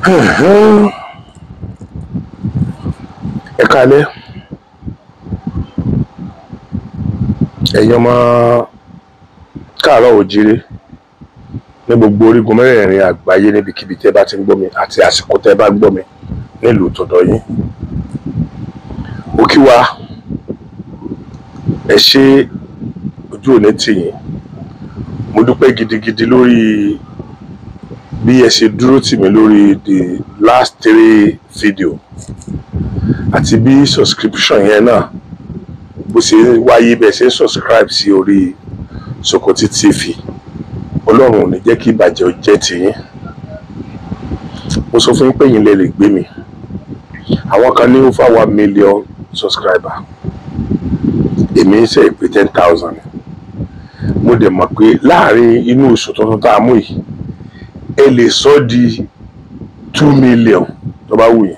ẹ kalẹ̀ ẹ̀yin ọmọ káàárọ̀ òjire ní gbogbo orígun mẹ́rẹ̀ẹ̀rin àgbáyé níbikíbi tẹ́ bá ti ń gbọ́ mi àti àsìkò tẹ́ bá gbọ́ mi nílùú tọ̀dọ̀ yín ó ẹ ṣe ojú òní tì mo dúpẹ́ gidigidi lórí bí ẹ ṣe dúró tì mí lórí the last three video àti bí subscription yẹn náà bó ṣe wáyé bẹ́ẹ̀ ṣe ń subscribe sí orí Sokoti TV ọlọ́run ò ní jẹ́ kí ìbàjẹ́ ó jẹ́ tiyín mo sọ fún yín pé yín lè lè gbé mi àwọn kan ní over one million subscriber èmi ń ṣe ìpè ten thousand mo dẹ̀ mọ̀ pé láàrin inú oṣù tuntun tá a mú yìí ẹ lè sọ di two million tó bá wù yín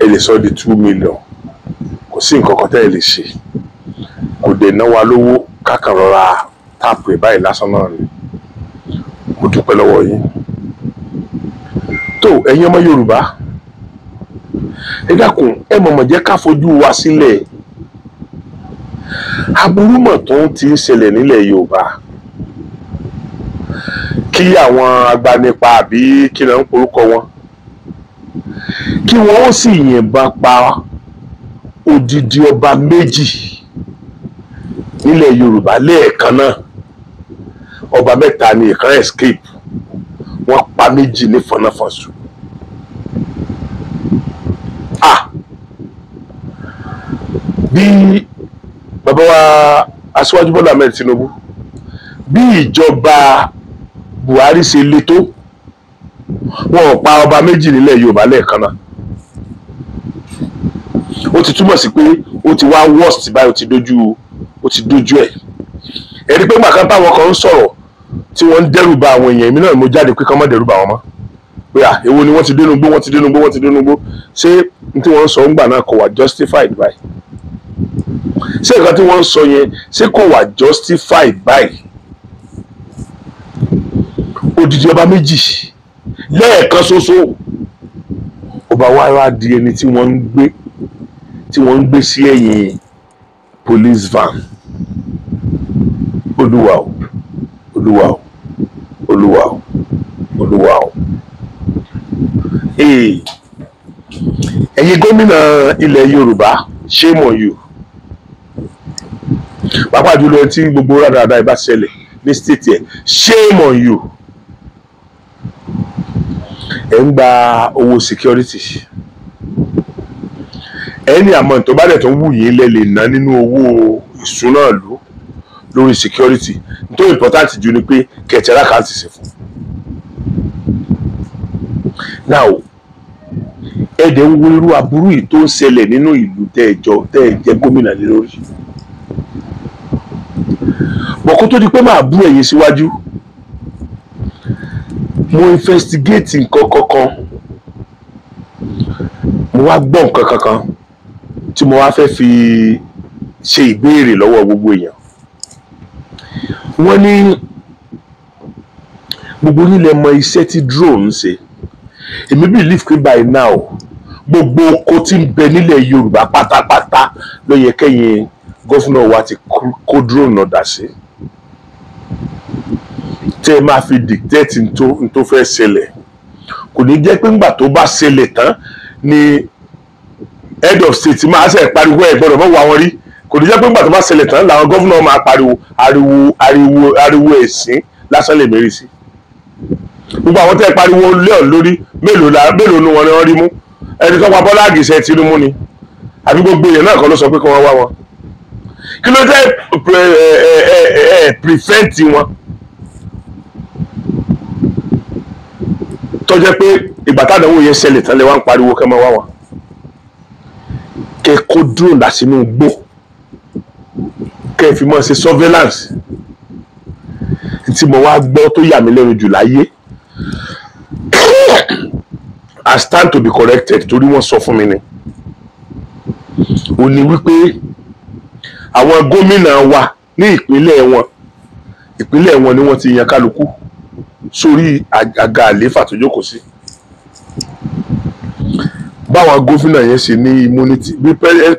ẹ lè sọ di two million kò sí nǹkan kan tẹ́ ẹ lè ṣe kò dé ná wa lówó kákan rọra táàpù ẹ̀ báyìí lásán náà ni mo dúpẹ́ lọ́wọ́ yín tó ẹ̀yin ọmọ Yorùbá ẹ dákun ẹ mọ̀mọ̀ jẹ́ ká fojú wa sílẹ̀ aburú mọ̀ tó ń ti ń ṣẹlẹ̀ nílẹ̀ Yorùbá kí àwọn agbanipa àbí kí ló ń porúkọ wọn kí wọ́n ó sì yìnbọn pa odidi ọba méjì nílẹ̀ Yorùbá lẹ́ẹ̀kan náà ọba mẹ́ta ni ìkan escape wọ́n pa méjì ní fọnáfọ̀sù. ah bí bàbá wa Bọ́lá Ahmed Tinubu bí ìjọba Buhari ṣe le tó wọn ò pa ọba méjì nílẹ̀ Yorùbá lẹ́ẹ̀kan náà ó ti túmọ̀ sí pé ó ti wá worst báyìí ó ti dojú ó ti dojú ẹ̀ ẹ̀rí pé gbàkan táwọn kan ń sọ̀rọ̀ tí wọ́n ń dẹ́rù ba àwọn èèyàn èmi náà mo jáde pé kán má dẹ́rù ba wọn mọ́ pé à èwo ni wọ́n ti dénú gbó wọ́n ti dénú gbó wọ́n ti dénú gbó ṣé n tí wọ́n ń sọ ń gbà náà kò wà justified báyìí ṣé nǹkan tí wọ́n ń sọ yẹn ṣé kò wà justified báyìí odidi ọba méjì lẹ́ẹ̀kan ṣoṣo ọba wa wá di ẹni tí wọ́n ń gbé tí wọ́n ń gbé sí ẹ̀yìn police van olúwa o olúwa o olúwa o olúwa o ẹ̀yin gómìnà ilẹ̀ yorùbá shame on you pàápàá jùlọ tí gbogbo rádàrádà ìbá ṣẹlẹ̀ ní stéètì ẹ̀ shame on you ẹ̀ ń gba owó security ẹni àmọ́ tó bá dẹ̀ tó ń wù yín lẹ́ lè ná nínú owó ìṣúná ìlú lórí security tó important jù ni pé kẹ̀tẹ́rà kan ti fún. now ẹ̀dẹ̀ ń wo irú aburú yìí tó ń ṣẹlẹ̀ nínú ìlú tẹ́ ẹ jọ tẹ́ gómìnà lórí. bọ̀kú tó di pé máa bú ẹ̀yìn síwájú. Si mo investigate nǹkan kankan mo wá gbọ́ nǹkan kankan tí mo wá fẹ́ fi ṣe ìbéèrè lọ́wọ́ gbogbo èèyàn wọ́n ní gbogbo nílẹ̀ mọ iṣẹ́ tí drone ṣe èmi believe pé by now gbogbo oko tí ń bẹ nílẹ̀ Yorùbá pátápátá ló yẹ kẹ́yìn gọ́fúnà wa ti kó drone náà dá sí i tẹ́ ẹ máa fi dictate n tó fẹ́ ṣẹlẹ̀ kò ní jẹ́ pé ńgbà tó bá ṣẹlẹ̀ tán ni head of state máa ṣe pariwo ẹ̀ gbọ́dọ̀ mọ́ wà wọ́n rí kò ní jẹ́ pé ńgbà tó bá ṣẹlẹ̀ tán làwọn gọ́vùnà máa pariwo ariwo ariwo ariwo ẹ̀sìn lásán lè mérí sí gbogbo àwọn tẹ́ ẹ pariwo lẹ́ọ̀ lórí mélòó ni wọ́n ní wọ́n rí mú ẹni tó pa Bọ́lá Àgìṣẹ́ Tinubu ni àbí gbogbo èèyàn náà kọ́ ló sọ pé kí wọ́n wá wọn kí ló jẹ́ eh, eh, eh, prevent wọn. tó jẹ́ pé ìgbà tádàwó yẹn ṣẹlẹ̀ tán lè wá ń pariwo kẹ́ máa wá wọn kẹ́ kó drone dà sínú gbó kẹ́ fi mọ́ ṣe surveillance tí mo wá gbọ́ tó yà mí lẹ́nu jù láyé I stand to be corrected torí wọ́n sọ fún mi ni ó ní wípé àwọn gómìnà wa ní ìpínlẹ̀ wọn ìpínlẹ̀ wọn ni wọ́n ti yan kálukú sórí àga àléfà tó jókòó sí báwọn gómìnà yẹn ṣe ní immunity bí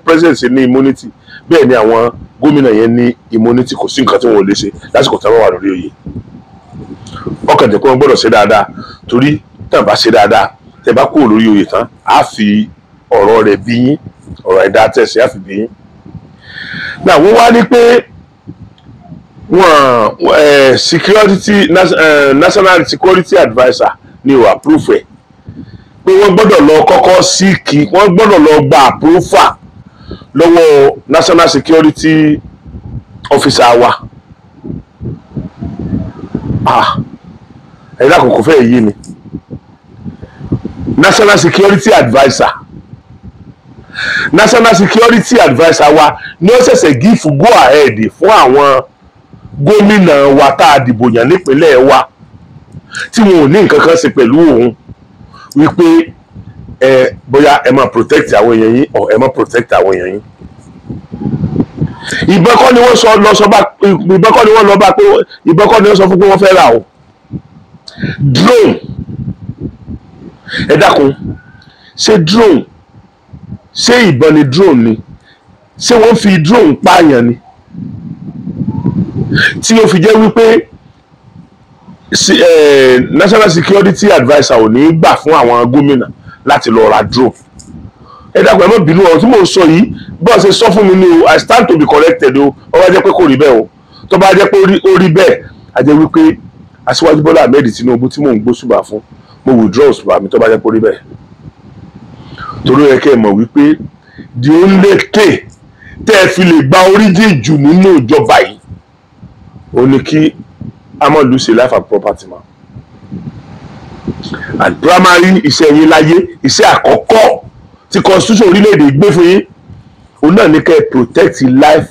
president ṣe ní immunity bẹ́ẹ̀ ni àwọn gómìnà yẹn ní immunity kò sí nǹkan tí wọn ò lè ṣe lásìkò tí wọn wà lórí oyè ọkàn jẹ́ pé wọ́n gbọ́dọ̀ ṣe dáadáa torí tẹ̀ bá ṣe dáadáa tẹ̀ bá kúrò lórí oyè tán á fi ọ̀rọ̀ rẹ̀ bí yín ọ̀rọ̀ ẹ̀dá tẹ̀sí á fi bí yín. náà wọ́n wá ní pé wọn security national security adviser ni ò approve ẹ pé wọ́n gbọ́dọ̀ lọ kọ́kọ́ síìkì wọ́n gbọ́dọ̀ lọ gba àpúrúfà lọ́wọ́ national security officer wa ah. ẹ̀yìn àkókò fẹ́ yí ni national security adviser national security adviser wa ni ó ṣẹ̀ṣẹ̀ gífù go ahead fún àwọn gómìnà wa tá a dìbò yàn nípínlẹ̀ wa tí wọn ò ní nǹkan kan ṣe pẹ̀lú òun wípé ẹ bóyá ẹ máa protect àwọn èèyàn yín or ẹ máa protect àwọn èèyàn yín ìbọn kọ́ ni wọ́n sọ lọ pé ìbọn ni wọ́n sọ fún pé wọ́n fẹ́ rà o drone ẹ dákun ṣé drone ṣé ìbọn ni drone ni ṣé wọ́n fi drone pààyàn ni tí ó fi jẹ́ wípé national security adviser ò ní gbà fún àwọn gómìnà láti lọ ra drone ẹ dàgbà ẹ má bínú ọ̀rọ̀ tí mò ń sọ yìí bí wọ́n ṣe sọ fún mi ni o i stand to be corrected o ó bá jẹ́ pé kò rí bẹ́ẹ̀ o tó bá jẹ́ pé ó rí bẹ́ẹ̀ a jẹ́ wípé aṣíwájú bọ́lá ahmed tinubu tí mò ń gbósùbà fún mo withdraw ṣùgbọ́n àmì tó bá jẹ́ pé ó rí bẹ́ẹ̀ torí ẹ kẹ́ ẹ mọ̀ wípé di ó ń lè tè tẹ́ ẹ fi lè gba oríjì jù nínú ìjọba yìí ó ní kí amọ̀ lose life and property ma and primary iṣẹ́ yín láyé iṣẹ́ àkọ́kọ́ tí constitution orílẹ̀-èdè gbé fún yín òun náà ní kẹ́ ẹ protect life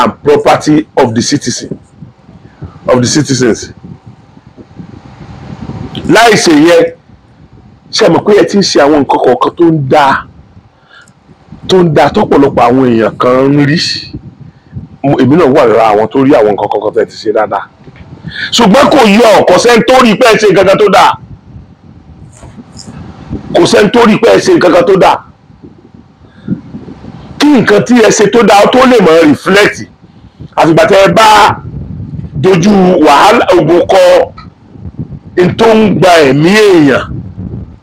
and property of the citizen of the citizens láì ṣe yẹn ṣe mọ̀ pé ẹ ti ń ṣe àwọn nǹkan kọ̀ọ̀kan tó ń da tó ń da tọ́pọ̀lọpọ̀ àwọn èèyàn kan ń rí sí i èmi náà wà lára àwọn tó rí àwọn nǹkan kankan tẹ̀ ti ṣe dáadáa ṣùgbọ́n kò yọ kò sẹ́ni tó rí pé ẹ ṣe nǹkan kan tó dáa kò sẹ́ni tó rí pé ẹ ṣe nǹkan kan tó dáa kí nǹkan tí ẹ ṣe tó dáa tó lè mọ̀ rìflẹ́tì àfìgbà tẹ́ ẹ bá dojú wàhálà ògùn kọ tó ń gba ẹ̀mí èèyàn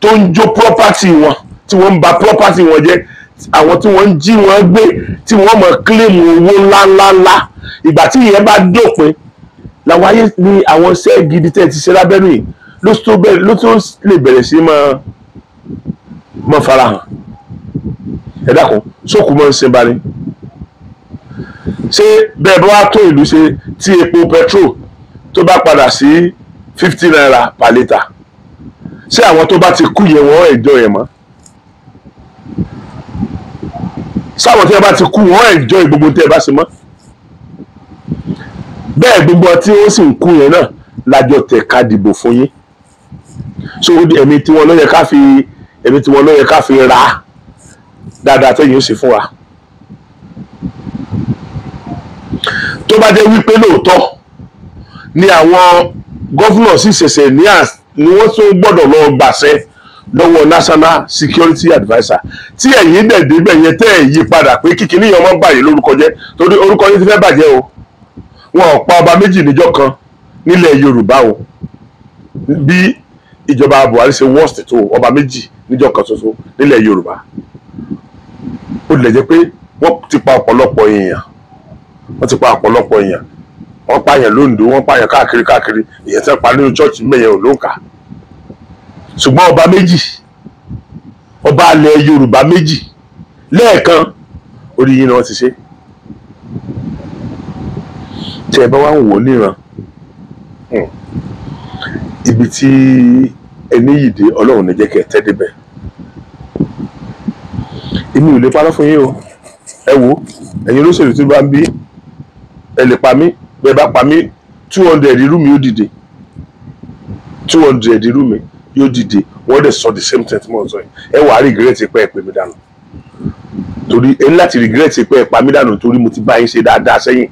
tó ń jó property wọn tí wọ́n ń ba property wọn jẹ́ àwọn tí wọ́n ń jí wọn gbé tí wọ́n mọ̀ kílèmù owó ńláńláńlá ìgbà tí ìyẹn bá dópin làwọn ayé ni àwọn iṣẹ́ gidi tẹ́ ti ṣe lábẹ́nu yìí ló tó lè bẹ̀rẹ̀ sí mọ́ farahàn ẹ dákun sókù mọ́ ń sin bani ṣé bẹ́ẹ̀ bá wá tó ìlú ṣe tí epo petrol tó bá padà sí fifty naira per litre ṣé àwọn tó bá ti kú yẹn wọ́n ẹ̀jọ́ yẹn mọ́ sáwọn tí wọn bá ti kú wọn enjoy gbogbo tẹ ẹ bá ṣe mọ́ bẹ́ẹ̀ gbogbo tí ó sì ń kú yẹn náà lájọ tẹ̀ ká dìbò fún yín so ẹ̀mí tiwọn ló yẹ ká fi ẹ̀mí tiwọn ló yẹ ká fi ra dáadáa tẹ̀yìn ó sì fún wa tó bá jẹ́ wípé lóòótọ́ ni àwọn gọ́fúnà sì ṣẹ̀ṣẹ̀ ní à ni wọ́n tún gbọ́dọ̀ lọ gbàṣẹ lọ́wọ́ national security adviser tí ẹ̀yin dẹ̀ débẹ̀ yẹn tẹ́ ẹ̀ yí padà pé kíkiní yẹn wọ́n bàyè lórúkọ jẹ́ torí orúkọ yẹn ti fẹ́ bàjẹ́ o wọn ò pa ọba méjì níjọ́ kan nílẹ̀ yorùbá o bí ìjọba buhari ṣe worst tó ọba méjì níjọ́ kan ṣoṣo nílẹ̀ yorùbá ó lè jẹ́ pé wọ́n ti pa ọ̀pọ̀lọpọ̀ èèyàn wọ́n ti pa ọ̀pọ̀lọpọ̀ èèyàn wọ́n pààyàn lóńdó wọ́n pààyàn káàkiri káàkiri èèyàn ti pa nínú chọ́ọ̀chì mẹ́yẹn ò lóǹkà ṣùgbọ́n ọba méjì ọba alẹ̀ Yorùbá méjì lẹ́ẹ̀kan orí yìí ni wọ́n ti ṣe tí ẹ bá wá ń wò níran hmm, ibi tí ẹni yìí dé Ọlọ́run ní jẹ́ kẹ́ ẹ tẹ́ débẹ̀ èmi ò lè parọ́ fún yín o ẹ wò ẹ̀yin olóṣèlú tí bá ń bí ẹ lè pa mí bẹ́ẹ̀ bá pa mí two hundred irú mi ó dìde two hundred irú mi yóò dìde wọ́n dẹ̀ sọ the same thing tí mo sọ yìí ẹ wàá regret pé ẹ pè mí dànù torí ẹ ní láti regret pé ẹ pa mí dànù torí mo ti bá yín ṣe dáadáa sẹ́yìn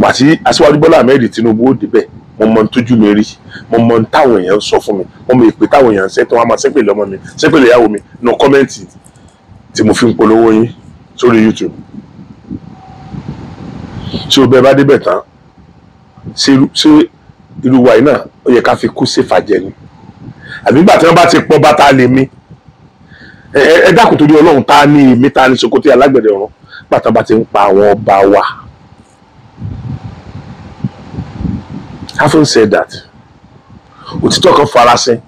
wàtí aṣíwájú Bọ́lá Ahmed Tinubu ó débẹ̀ mo mọ tójú mi rí mo mọ táwọn èèyàn sọ fún mi mo mọ èpè táwọn èèyàn ń sẹ́tọ̀ wọn a máa sẹ́pẹ̀lẹ̀ ọmọ mi sẹ́pẹ̀lẹ̀ ìyàwó mi nà kọ́mẹ́ǹtì tí mo fi ń polówó yín sórí YouTube tí o bẹ bá débẹ̀ tán ṣé irú wa yìí náà ó yẹ ká fi kú sí fàjẹ ni àbí nígbà tí wọ́n bá ti pọ́ bá ta lè mí ẹ dákun torí ọlọ́run ta ní èmi ta ní sokoto alágbẹ̀dẹ ọ̀run nígbà tí wọ́n bá ti ń pa àwọn ọba wa. having said that òtítọ́ kan farasin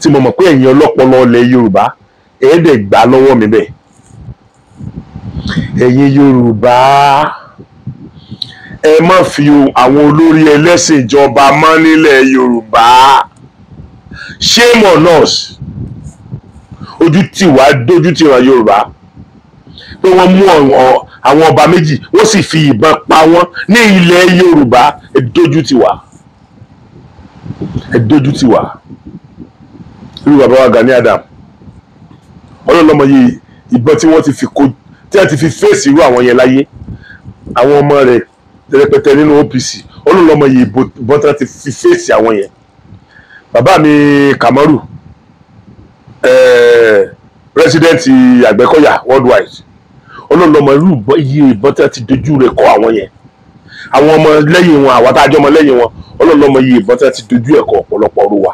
tí mo mọ̀ pé ẹ̀yin ọlọ́pọlọ ilẹ̀ yorùbá ẹ̀ẹ́dẹ̀ gbà lọ́wọ́ mi bẹ́ẹ̀ ẹ̀yin yorùbá ẹ má fi àwọn olórí ẹlẹ́sìn ìjọba mọ́ nílẹ̀ Yorùbá shame on us ojú tì wá dójú tì wá Yorùbá pé wọ́n mú àwọn ọba méjì wọ́n sì fi ìbọn pa wọ́n ní ilẹ̀ Yorùbá ẹ dójú tì wá ẹ dójú tì wá irú bàbá wa Gani Adam ọlọ́lọ́mọ yìí ìbọn tí wọ́n ti fi kó tí wọ́n ti fi fèsì irú àwọn yẹn láyé àwọn ọmọ rẹ̀ rẹpẹtẹ nínú OPC olùlọmọ yìí bọ́tà ti fi fèsì àwọn yẹn bàbá mi Kamaru pírẹsidẹ́ǹtì eh, Àgbẹ̀kọ̀yà worldwide olùlọmọ irú iye bọ́tà ti dojú rẹ̀ kọ àwọn yẹn àwọn ọmọ lẹ́yìn wọn àwọn àtàjọ ọmọ lẹ́yìn wọn olùlọmọ iye bọ́tà ti dojú ẹ̀kọ́ ọ̀pọ̀lọpọ̀ ọ̀rọ̀ wa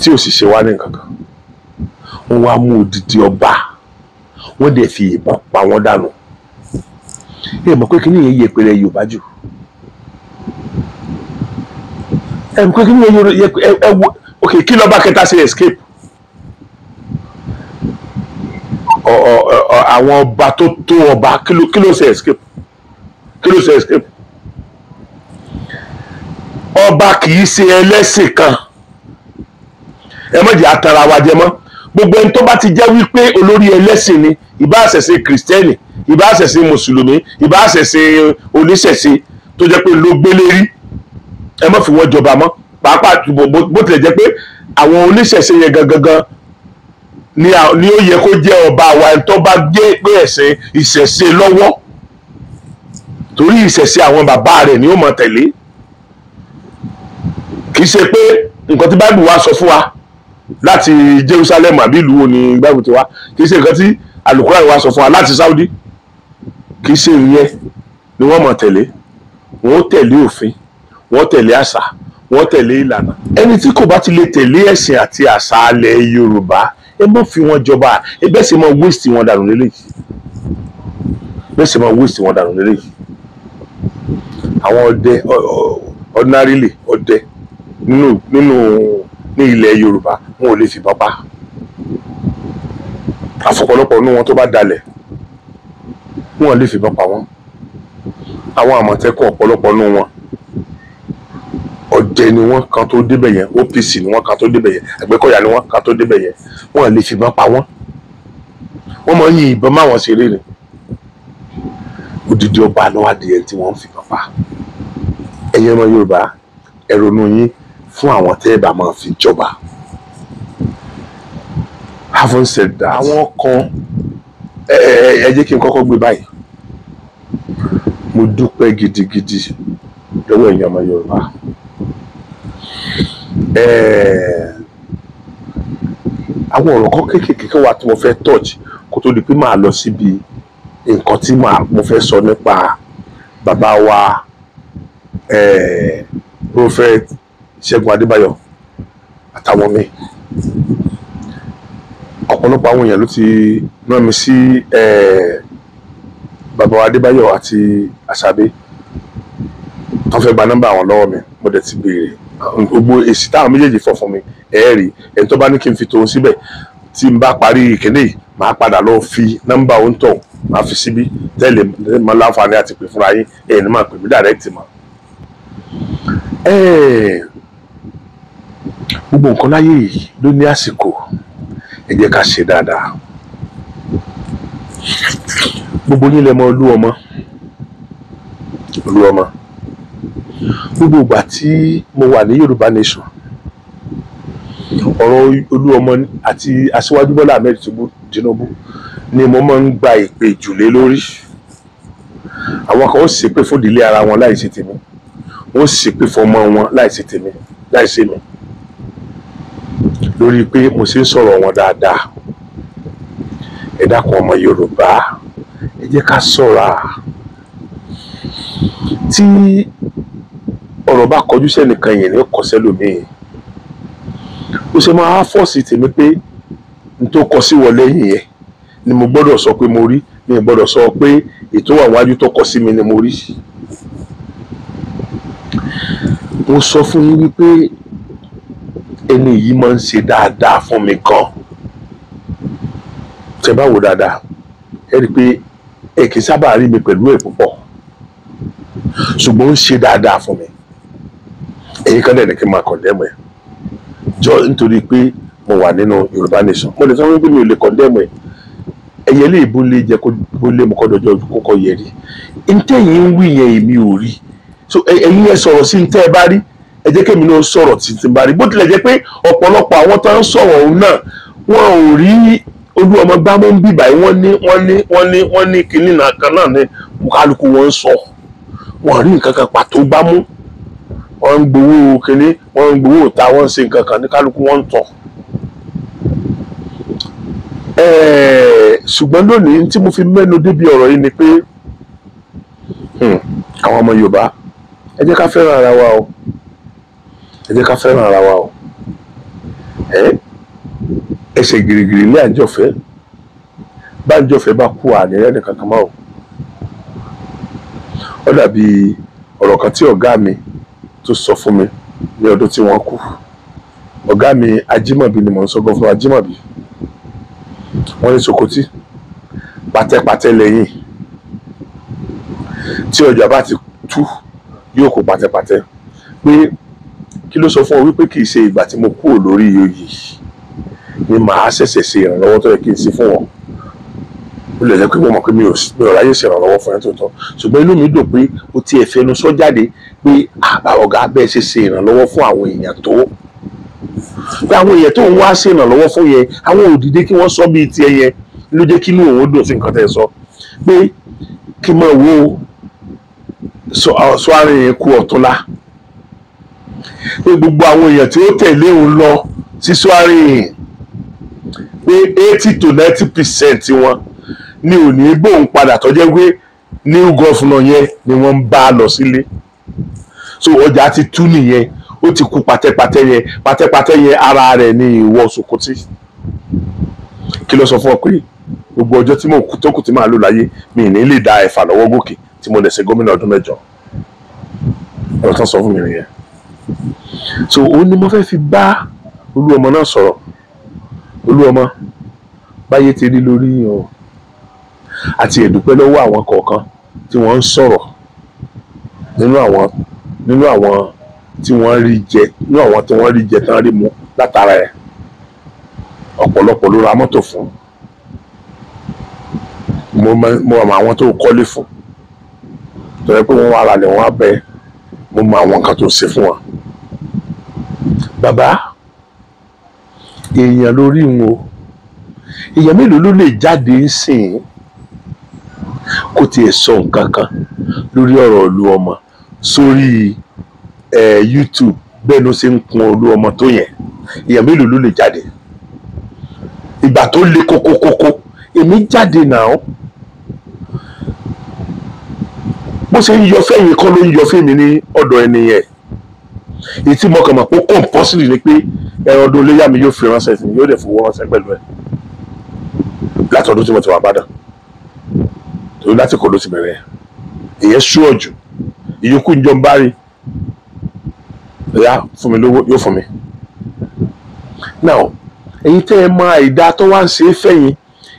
tí ò sì ṣe wá ní kankan wọn wá mú odidi ọba wọn dẹ̀ fi ìbọn pa wọn dànù ẹ mọ̀ pé kíní yẹn yẹpẹrẹ Yorùbá jù ẹ mọ̀ pé kíní yẹn ẹ wo ok kí lọ́ba kẹta ṣe escape àwọn ọba tó tó ọba kí ló ṣe escape kí ló ṣe escape ọba kì í ṣe ẹlẹ́sìn kan ẹ má jẹ́ atara wa jẹ mọ́ gbogbo ẹni tó bá ti jẹ́ wípé olórí ẹlẹ́sìn ni ìbá àṣẹṣe kìrìsìtẹ́nì ìbá àṣẹṣe mùsùlùmí ìbá àṣẹṣe oníṣẹ̀ṣe tó jẹ́ pé ló gbélé rí ẹ má fi wọ́n jọba mọ́ pàápàá bó tilẹ̀ jẹ́ pé àwọn oníṣẹ̀ṣe yẹn gangan ni ó yẹ kó jẹ́ ọba àwa ẹni tó bá gbé pé ẹ̀sìn ìṣẹ̀ṣe lọ́wọ́ torí ìṣẹ̀ṣe àwọn bàbá rẹ̀ ni ó mọ̀ tẹ̀lé kì í ṣe pé nǹkan tí báìbù wa sọ fún wa láti Jerusalem àbí ìlú wo ni báìbù ti kì í ṣe nǹkan tí alukura ìwà sọ fún wa láti Saudi kì í ṣe ìyẹn ni wọ́n mọ̀ tẹ̀lé wọ́n tẹ̀lé òfin wọ́n tẹ̀lé àṣà wọ́n tẹ̀lé ìlànà ẹni tí kò bá ti lè tẹ̀lé ẹ̀sìn àti àṣà alẹ̀ Yorùbá ẹ má fi wọn jọba ẹ bẹ́ẹ̀ sì máa wéèsì wọn dànù lélẹ̀ yìí bẹ́ẹ̀ sì máa wéèsì wọn dànù lélẹ̀ yìí àwọn ọdẹ ordinarily ọdẹ nínú nínú ní ilẹ̀ Yorùbá wọn ò lè fìbọn pa àfọ̀pọ̀lọpọ̀ nínú wọn tó bá dalẹ̀ wọn lè fìbọn pa wọn àwọn àmọ̀tẹ́kùn ọ̀pọ̀lọpọ̀ nínú wọn ọ̀jẹ̀ ni wọ́n kan tó débẹ̀ yẹn OPC ni wọ́n kan tó débẹ̀ yẹn Àgbẹ̀kọ̀yà ni wọ́n kan tó débẹ̀ yẹn wọn lè fìbọn pa wọn wọ́n máa ń yin ìbọn máwọn ṣeré ni odidi ọba aláwádìí ẹni tí wọ́n ń fìbọn pa ẹ̀yin ọmọ Yorùbá ẹ ronú yín fún àwọn tẹ́ ẹ bá máa fi jọba having said that àwọn kan ẹ jẹ́ kí n kọ́kọ́ gbé báyìí mo dúpẹ́ gidigidi lọ́wọ́ ẹ̀yin ọmọ Yorùbá àwọn ọ̀rọ̀ kan kéékèèké kan wà tí mo fẹ́ touch kó tó di pé màá lọ síbi nǹkan tí mo fẹ́ sọ nípa bàbá wa Prophet Ṣẹ́gun Adébáyọ̀ àtàwọn míì ọ̀pọ̀lọpọ̀ àwọn èèyàn ló ti rán mi sí bàbá Adébáyọ̀ àti Àṣàbí wọ́n fẹ́ gba nọ́mbà àwọn lọ́wọ́ mi mo dẹ̀ ti béèrè gbogbo èsì táwọn méjèèjì fọ̀ fún mi ẹ̀ẹ́rì ẹni tó bá ní kí n fi tòun síbẹ̀ tí n bá parí ìkíní màá padà lọ fi nọ́mbà òun tọ̀ màá fi síbí tẹ́lẹ̀ mọ́ láǹfààní àti pè fúnra yín ẹ̀yìn ni màá pè mí dàrẹ́kìtì mọ́. gbogbo nǹkan láyé yìí ló ní àsìkò ẹ jẹ́ ká ṣe dáadáa gbogbo yín lẹ mọ olú ọmọ olú ọmọ gbogbo ìgbà tí mo wà ní Yorùbá nation ọ̀rọ̀ olú ọmọ àti aṣíwájú Bọ́lá Ahmed Tinubu ni mo máa ń gba ìpè jùlé lórí àwọn kan ó ṣépè fún ìdílé ara wọn láì ṣe tèmi wọn ó ṣépè fún ọmọ wọn láì ṣe tèmi láì ṣe mi lórí pé mo ṣe ń sọ̀rọ̀ wọn dáadáa ẹ dákun ọmọ Yorùbá ẹ jẹ́ ká ṣọ́ra tí ọ̀rọ̀ bá kọjú sẹ́nìkan yẹn ní kọsẹ́ lómiì ó ṣe máa fọ́ọ̀sì tèmi pé n tó kọ sí wọlé yìí yẹn ni mo gbọ́dọ̀ sọ pé mo rí ni mo gbọ́dọ̀ sọ pé ètò àwájú tó kọ sí mi ni mo rí mo sọ fún yín wípé ẹni yìí máa ń ṣe dáadáa fún mi kan tẹ bá wò dáadáa ẹ i pé ẹ sábà rí mi pẹ̀lú ẹ̀ púpọ̀ ṣùgbọ́n ó ń ṣe mi èyí kan kí n máa jọ nítorí pé mo wà nínú Yorùbá nation mo lè sọ wípé mi ò lè condemn ẹ̀ ẹyẹ lè bó lè jẹ kó lè mú kó dọjọ́ kókó so ẹ̀yin sọ̀rọ̀ sí ntẹ́ ẹ bá ẹ jẹ́ kémi náà sọ̀rọ̀ títí bá rí bó tilẹ̀ jẹ́ pé ọ̀pọ̀lọpọ̀ àwọn tó ń sọ̀rọ̀ òun náà wọn ò rí ojú ọmọ gbámú ń bìbà yìí wọ́n ní wọ́n ní wọ́n ní wọ́n ní kinní kan náà ni kálukú wọn ń sọ wọn rí nǹkan kan pàtó gbámú wọ́n ń gbowó ń gbowó ta wọ́n ń ṣe nǹkan kan ní kálukú wọn ń tọ̀. ṣùgbọ́n lónìí tí mo fi mẹ́nu débi ọ̀rọ̀ ni pé hmm, àwọn ọmọ Yorùbá ẹ jẹ́ ká o. ẹ jẹ́ ká fẹ́ràn ara wa o ẹ ẹsẹ̀ gìrìgìrì ilé àjọfẹ́ bájọfẹ́ bá kú àníyàn nìkan kan máa o ó dàbí ọ̀rọ̀ kan tí ọ̀gá mi tó sọ fún mi ní ọdún tí wọ́n kú ọ̀gá mi ajímọ̀bí ni mò ń sọ́gbọ́n fún ajímọ̀bí wọ́n ní sokoti pàtẹ́pàtẹ́ lẹ́yìn tí ọjà bá ti tú yóò kó pàtẹ́pàtẹ́ pé kí ló sọ fún ọ wípé kì í ṣe ìgbà tí mo kúrò lórí oyè ni màá ṣẹ̀ṣẹ̀ ṣe ìrànlọ́wọ́ tó yẹ kí n ṣe fún wọn ó lè jẹ́ pé mo mọ̀ pé mi ò ráyè ṣèrànlọ́wọ́ fún ẹ tó tọ́ ṣùgbọ́n inú mi dùn pé ó tiẹ̀ fẹnu sọ jáde pé àbá ọ̀gá bẹ́ẹ̀ ṣe ṣe ìrànlọ́wọ́ fún àwọn èèyàn tó pé àwọn èèyàn tó ń wá ṣe ìrànlọ́wọ́ fún yẹn àwọn òdìdé kí wọ́n sọ bíi tiẹ̀ yẹn ló jẹ́ kí inú òun dùn sí nǹkan tẹ́ sọ pé kí n máa wo sọ àárín yẹn kú ọ̀túnla pé gbogbo àwọn èèyàn tí ó tẹ̀lé òun lọ sí swarin pé eighty to ninety percent wọn ni ò ní gbóhùn padà tọ́jẹ́ pé new governor yẹn ni wọ́n ń bá a lọ sílé so ọjà ti tú nìyẹn ó ti kú pàtẹ́pàtẹ́ yẹn pàtẹ́pàtẹ́ yẹn ara rẹ̀ ní ìwọ sòkòtì kí ló sọ fún ọ pé gbogbo ọjọ́ tí mo kú tó kù tí màá lò láyé mi ì ní lè da ẹ̀fà lọ́wọ́ gòkè tí mo lè ṣe gómìnà ọdún mẹ́jọ ọ̀rọ̀ tán sọ fún mi nìyẹn so òun ni mo fẹ́ fi bá olúọmọ náà sọ̀rọ̀ olúọmọ báyé ti rí lórí yìí o àti ẹ̀dùpẹ́ lọ́wọ́ àwọn kọ̀ọ̀kan tí wọ́n ń sọ̀rọ̀ nínú àwọn nínú àwọn tí wọ́n rí jẹ nínú àwọn tí wọ́n rí jẹ tán rí mu látara ẹ̀ ọ̀pọ̀lọpọ̀ ló ra mọ́tò fún mo mọ àwọn tó kọ́lé fún tọ́jú pé wọ́n wá ralẹ̀ wọ́n á bẹ mo mọ àwọn nǹkan tó ṣe fún wọn bàbá èèyàn lórí wọn èèyàn mélòó ló lè jáde ń sìn kó tiẹ̀ sọ nǹkan kan lórí ọ̀rọ̀ ìlú ọmọ sórí ẹ̀ YouTube bẹ́ẹ̀ ló ṣe ń kun olú ọmọ tó yẹn èèyàn mélòó ló lè jáde ìgbà tó le kókókókó èmi jáde náà bó ṣe ń yọ fẹ́yìn kọ́ ló ń yọ fẹ́mi ní ọ̀dọ̀ ẹni yẹn èyí tí mo kàn mọ̀ pé compulsory ni pé ẹran ọdún iléyà mi yóò fi ránṣẹ́ sí mi yóò dẹ̀ fowó ránṣẹ́ pẹ̀lú ẹ̀ láti ọdún tí mo ti wà bàdàn torí láti kọ́ ló ti bẹ̀rẹ̀ ìyẹn ṣúọ̀ jù ìyókù ń jọ ń bá rí ẹ̀yà fún mi lówó yóò fún mi. now ẹ̀yin tẹ́ ẹ máa ìdá tó wá ń ṣe é fẹ́yìn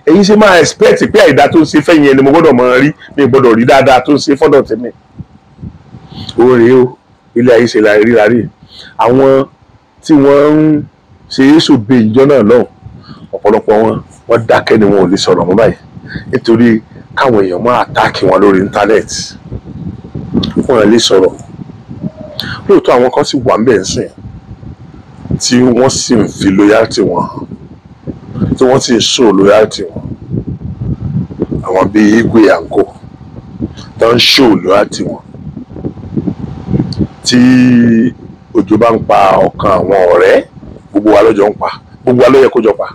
ẹ̀yin ṣe máa expect pé àìdá tó ń ṣe fẹ́yìn ẹni mo gbọ́dọ̀ mọ̀ rí mi gbọ́dọ̀ rí dáadáa tó ń ṣe fọ́dọ̀ tèmi. oore o ilé ayé ṣe ríra rí àwọn tí wọ́n ń ṣe yéṣù bí ìjọ náà lọ́hùn ọ̀pọ̀lọpọ̀ wọn wọ́n dákẹ́ ni wọn ò lè sọ̀rọ̀ mọ́ báyìí nítorí káwọn èèyàn máa àtáàkì wọn lórí íńtánẹ́ẹ̀tì wọn ò lè sọ̀rọ̀ lóòótọ́ àwọn kan sì wà ń bẹ̀ ń sìn tí wọ́n sì ń fi loyalty wọn tí wọ́n sì ń so loyalty wọn àwọn bíi igwe àǹkó tó ń so loyalty wọn tí òjò bá ń pa ọ̀kan àwọn ọ̀rẹ́ gbogbo wa lọ́jọ́ ń pa gbogbo wa ló yẹ kó jọ pa.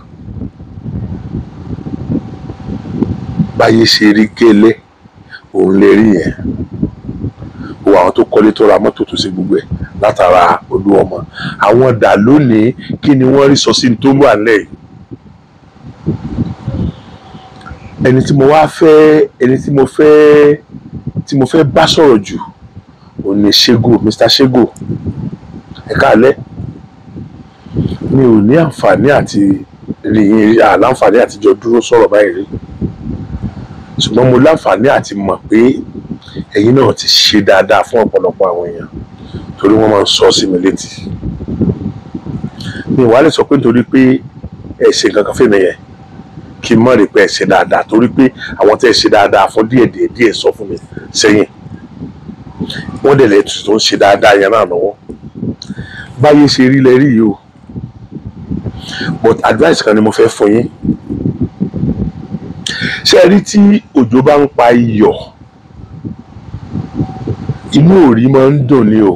báyé ṣe rí gẹ́lẹ́ òun lè rí yẹn gbogbo àwọn tó kọ́lé tó ra mọ́tò tó ṣe gbogbo ẹ̀ látara olú ọmọ àwọn dà lónìí kí ni wọ́n rí sọ sí ní tó wà nílẹ̀ ẹni tí mo wá fẹ́ ẹni tí mo fẹ́ tí mo fẹ́ bá sọ̀rọ̀ jù òní Ṣẹ́gun Mr. Ṣẹ́gun ẹ káalẹ́ mi ò ní àǹfààní àti rí yín àláǹfààní àtijọ́ dúró sọ̀rọ̀ báyìí rí ṣùgbọ́n mo láǹfààní àti mọ̀ pé ẹ̀yin náà ti ṣe dáadáa fún ọ̀pọ̀lọpọ̀ àwọn èèyàn torí wọ́n máa ń sọ sí mi létí mi wàá lè sọ pé nítorí pé ẹ ṣe kankan fèmí yẹn kí n mọ̀ rí pé ẹ ṣe dáadáa torí pé àwọn tẹ́ ẹ ṣe dáadáa fún díẹ̀ díẹ̀ díẹ̀ sọ fún mi sẹ́yìn wọ́n dẹ̀ lẹ́tù tó ń ṣe dáadáa yẹn náà lọ́wọ́ báyé ṣe rí lẹ́rí yìí o but advice kan ni mo fẹ́ fún yín ṣé ẹ rí tí òjò bá ń pa iyọ̀ inú òrí máa ń dùn ni o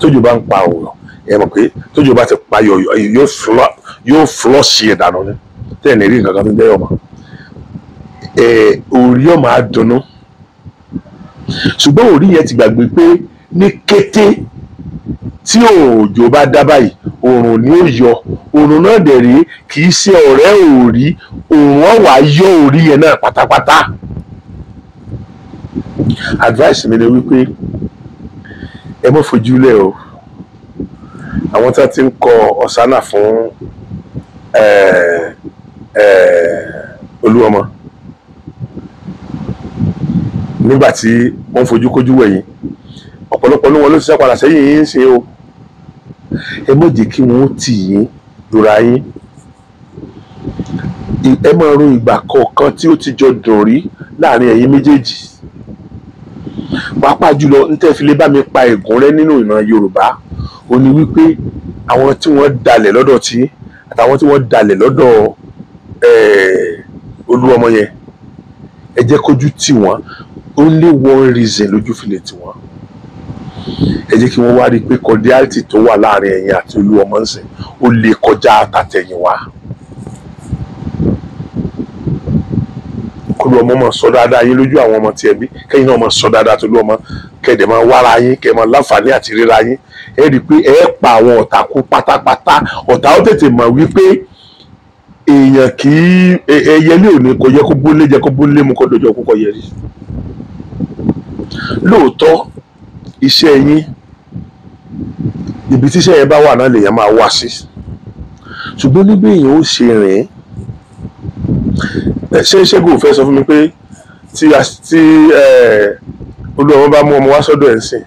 tójò bá ń pa òòrùn ẹ mọ̀ pé tójò bá ti pa iyọ̀ yóò flọ́ọ̀ṣì ẹ̀ dànù ni tẹ́ẹ̀ ní rí nǹkan kan tó ń jẹ́ ọmọ orí ọmọ á dunnú ṣùgbọ́n òrí yẹn ti gbàgbé pé ní kété tí òòjò bá dá báyìí òòrùn ni ó yọ òòrùn náà dẹ̀ rèé kì í ṣe ọ̀rẹ́ òòrí òòrùn ọ̀wà yọ òrí yẹn náà pátápátá advice mi ni wípé ẹ mọ́ fojú lẹ̀ o àwọn tí wọ́n ti ń kọ ọ̀sánà fún olúwọmọ. Eh, eh, nígbà tí wọ́n fojú kojú wẹ̀yìn ọ̀pọ̀lọpọ̀ ní wọn ló ti sá padà sẹ́yìn yín ṣe o ẹ má jẹ́ kí wọ́n tì yín dùra yín ẹ máa ro ìgbà kọ̀ọ̀kan tí ó ti jọ dùn rí láàrin ẹ̀yin méjèèjì pàápàá jùlọ ntẹ́filé bá mi pa ẹ̀gún rẹ nínú ìran Yorùbá ó ní wípé àwọn tí wọ́n dalẹ̀ lọ́dọ̀ tí àtàwọn tí wọ́n dalẹ̀ lọ́dọ̀ olúwọmọ yẹn ẹ jẹ́ kójú tì wọ́n only one reason lójú fi lè tì wọ́n ẹ jẹ́ kí wọ́n wá rí i pé cordiality tó wà láàrin ẹ̀yin àti olú ọmọ ń sìn ó lè kọjá àtàtẹ̀yìnwá kólú ọmọ máa sọ dáadáa yín lójú àwọn ọmọ tí ẹ bí kẹ́yìn náà máa sọ dáadáa tó lú ọmọ kẹ́dẹ̀ máa wára yín kẹ́ máa láǹfààní àti ríra yín ẹ rí i pé ẹ pa àwọn ọ̀tá kú pátápátá ọ̀tá ó tètè mọ̀ wípé èèyàn kì í ẹyẹlé òní kò yẹ kó bó lé jẹ kó bó lé mu kó dojú ọkú kọ yẹ rí i lóòótọ́ iṣẹ́ yín ibi tíṣẹ́ yẹn bá wà náà lèèyàn máa wá sí ṣùgbọ́n níbi èèyàn ó ṣe rìn ṣé ṣẹ́gun fẹ́ sọ fún mi pé tí olúwọ̀n bá mú ọmọ wá sọ́dọ̀ ẹ̀ ń sìn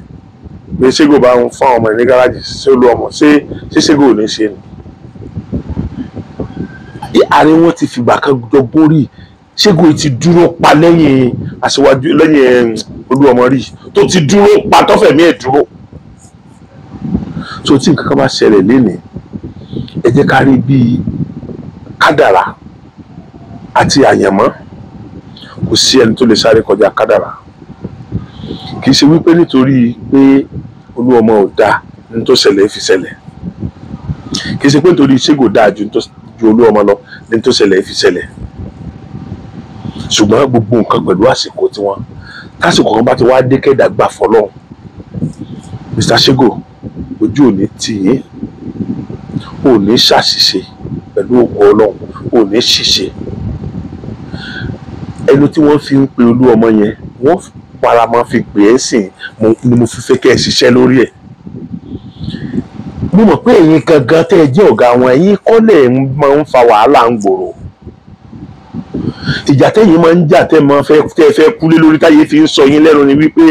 pé ṣẹ́gun bá ń fún ọmọ ẹ̀ ní gáràjì sí olúwọ̀n ṣé ṣẹ́gun ò ní ṣe ni àárín wọn ti fìgbà kan jọ borí ṣẹ́gun ti dúró pa lẹ́yìn aṣíwájú lẹ́yìn Olúọmọrí tó ti dúró pa tọ́fẹ̀mí ẹ̀ dúró so tí nǹkan kan bá ṣẹlẹ̀ lénìí ẹ jẹ́ ká rí bíi kádàrà àti àyànmọ́ kò sí ẹni tó lè sáré kọjá kádàrà kì í ṣe wípé nítorí pé Olúọmọ ò dáa ní tó ṣẹlẹ̀ fi ṣẹlẹ̀ kì í ṣe pé nítorí ṣégo dáa ju Olúọmọ lọ ní tó ṣẹlẹ̀ fi ṣẹlẹ̀ ṣùgbọ́n gbogbo nǹkan pẹ̀lú àsìkò tiwọn tásìkò kan bá ti wá dé kẹ́dà gbà fọlọ́hún Mr. Shego ojú ò ní tì yín ò ní ṣàṣìṣe pẹ̀lú òkú ọlọ́run ò ní ṣìṣe ẹnu tí wọ́n fi ń pe olú ọmọ yẹn wọ́n para máa fi pè é sìn ni mo fi fẹ́ kẹ́ ẹ ṣiṣẹ́ lórí ẹ̀ mo mọ̀ pé ẹ̀yin gangan tẹ́ ẹ jẹ́ ọ̀gá wọn ẹ̀yin kọ́lẹ̀ máa ń fa wàhálà ń gbòòrò ìjà tẹ̀yìn máa ń jà tẹ́ máa fẹ́ tẹ́ fẹ́ kúlé lórí táyé fi ń sọ yín lẹ́nu ni wípé